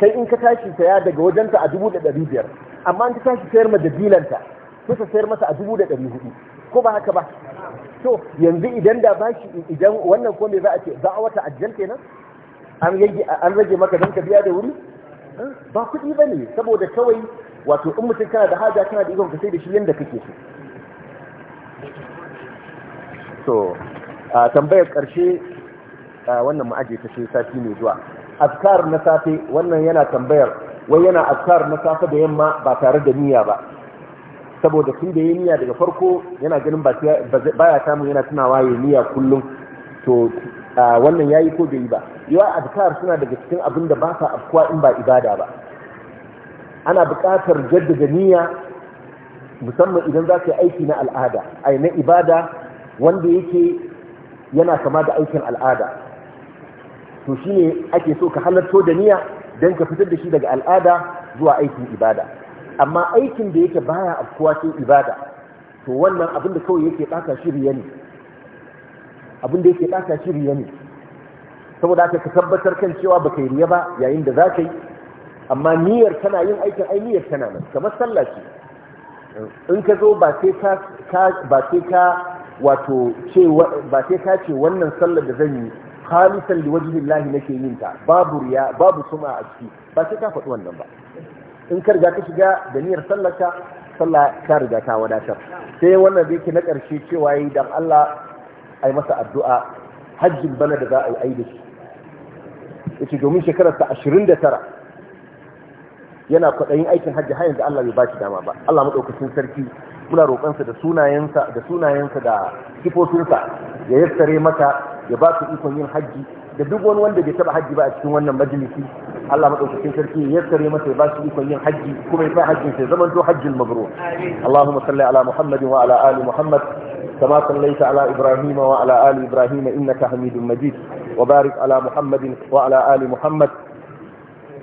sai in ka tashi saya daga wajenta a dubu da ɗari biyar amma in ka tashi sayar ma da dilanta sai ka sayar masa a dubu da ɗari hudu ko ba haka ba to yanzu idan da shi idan wannan ko me za a ce za a wata ajiyar kenan an rage an rage maka don ka biya da wuri ba kuɗi ba ne saboda kawai wato in mutum kana da haja kana da ikon ka sai da shi yadda kake so to a tambayar ƙarshe wannan ma'aji ta ce sati mai zuwa Askar na safe wannan yana tambayar wai yana askar na safe da yamma ba tare da niyya ba saboda tun da ya niyya daga farko yana ganin ba baya samu yana tunawa ya niyya kullum to wannan yayi ko bai yi ba yawa askar suna daga cikin abin da ba sa afkuwa in ba ibada ba ana buƙatar jaddada niyya musamman idan za ka yi aiki na al'ada ai na ibada wanda yake yana kama da aikin al'ada to shi ne ake so ka halarto da niyya don ka fitar da shi daga al'ada zuwa aikin ibada amma aikin da yake baya afkuwa sai ibada to wannan abin da kawai yake ɗaka shirya ne abin da yake ɗaka shirya ne saboda aka ka tabbatar kan cewa baka yi riya ba yayin da za ka yi amma niyyar tana yin aikin ai niyyar tana nan kamar sallah in ka zo ba sai ka ba sai ka wato ba sai ka ce wannan sallar da zan yi khalisan li wajhi llahi nake yin ta babu riya babu suma a ciki ba sai ka faɗi wannan ba in ka riga ka shiga da niyyar sallar ka sallah ka riga ta wadatar sai wannan da yake na ƙarshe cewa yi dan Allah ai masa addu'a hajjin bana da za a yi da shi yace domin shekarar ta 29 yana kwaɗayin aikin hajji har yanzu Allah bai ba shi dama ba Allah madaukakin sarki muna roƙonsa da sunayensa da sunayensa da sifofinsa ya yassare maka ya ba su ikon yin haji da duk wani wanda bai taba haji ba a cikin wannan majalisi Allah madaukakin sarki ya yassare masa ya ba su ikon yin haji kuma ya sa hajjin sai zaman to hajjin mabrur Allahumma salli ala Muhammad wa ala ali Muhammad كما صليت على إبراهيم وعلى آل إبراهيم إنك حميد مجيد وبارك على محمد وعلى آل محمد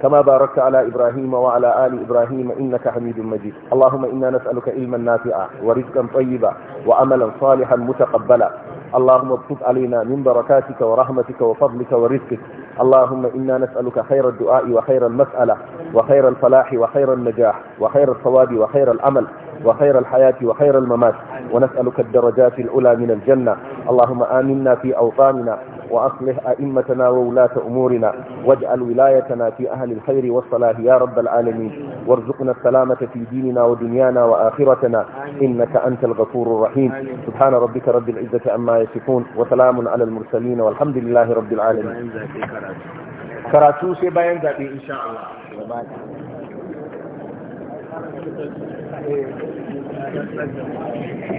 كما باركت على إبراهيم وعلى آل إبراهيم إنك حميد مجيد اللهم إنا نسألك علما نافعا ورزقا طيبا وعملا صالحا متقبلا اللهم ابسط علينا من بركاتك ورحمتك وفضلك ورزقك اللهم إنا نسألك خير الدعاء وخير المسألة وخير الفلاح وخير النجاح وخير الصواب وخير الأمل وخير الحياة وخير الممات ونسألك الدرجات العلى من الجنة اللهم آمنا في أوطاننا وأصلح أئمتنا وولاة أمورنا واجعل ولايتنا في أهل الخير والصلاة يا رب العالمين وارزقنا السلامة في ديننا ودنيانا وآخرتنا إنك أنت الغفور الرحيم سبحان ربك رب العزة عما يصفون وسلام على المرسلين والحمد لله رب العالمين كراتو sai bayan zaɓe
ان شاء الله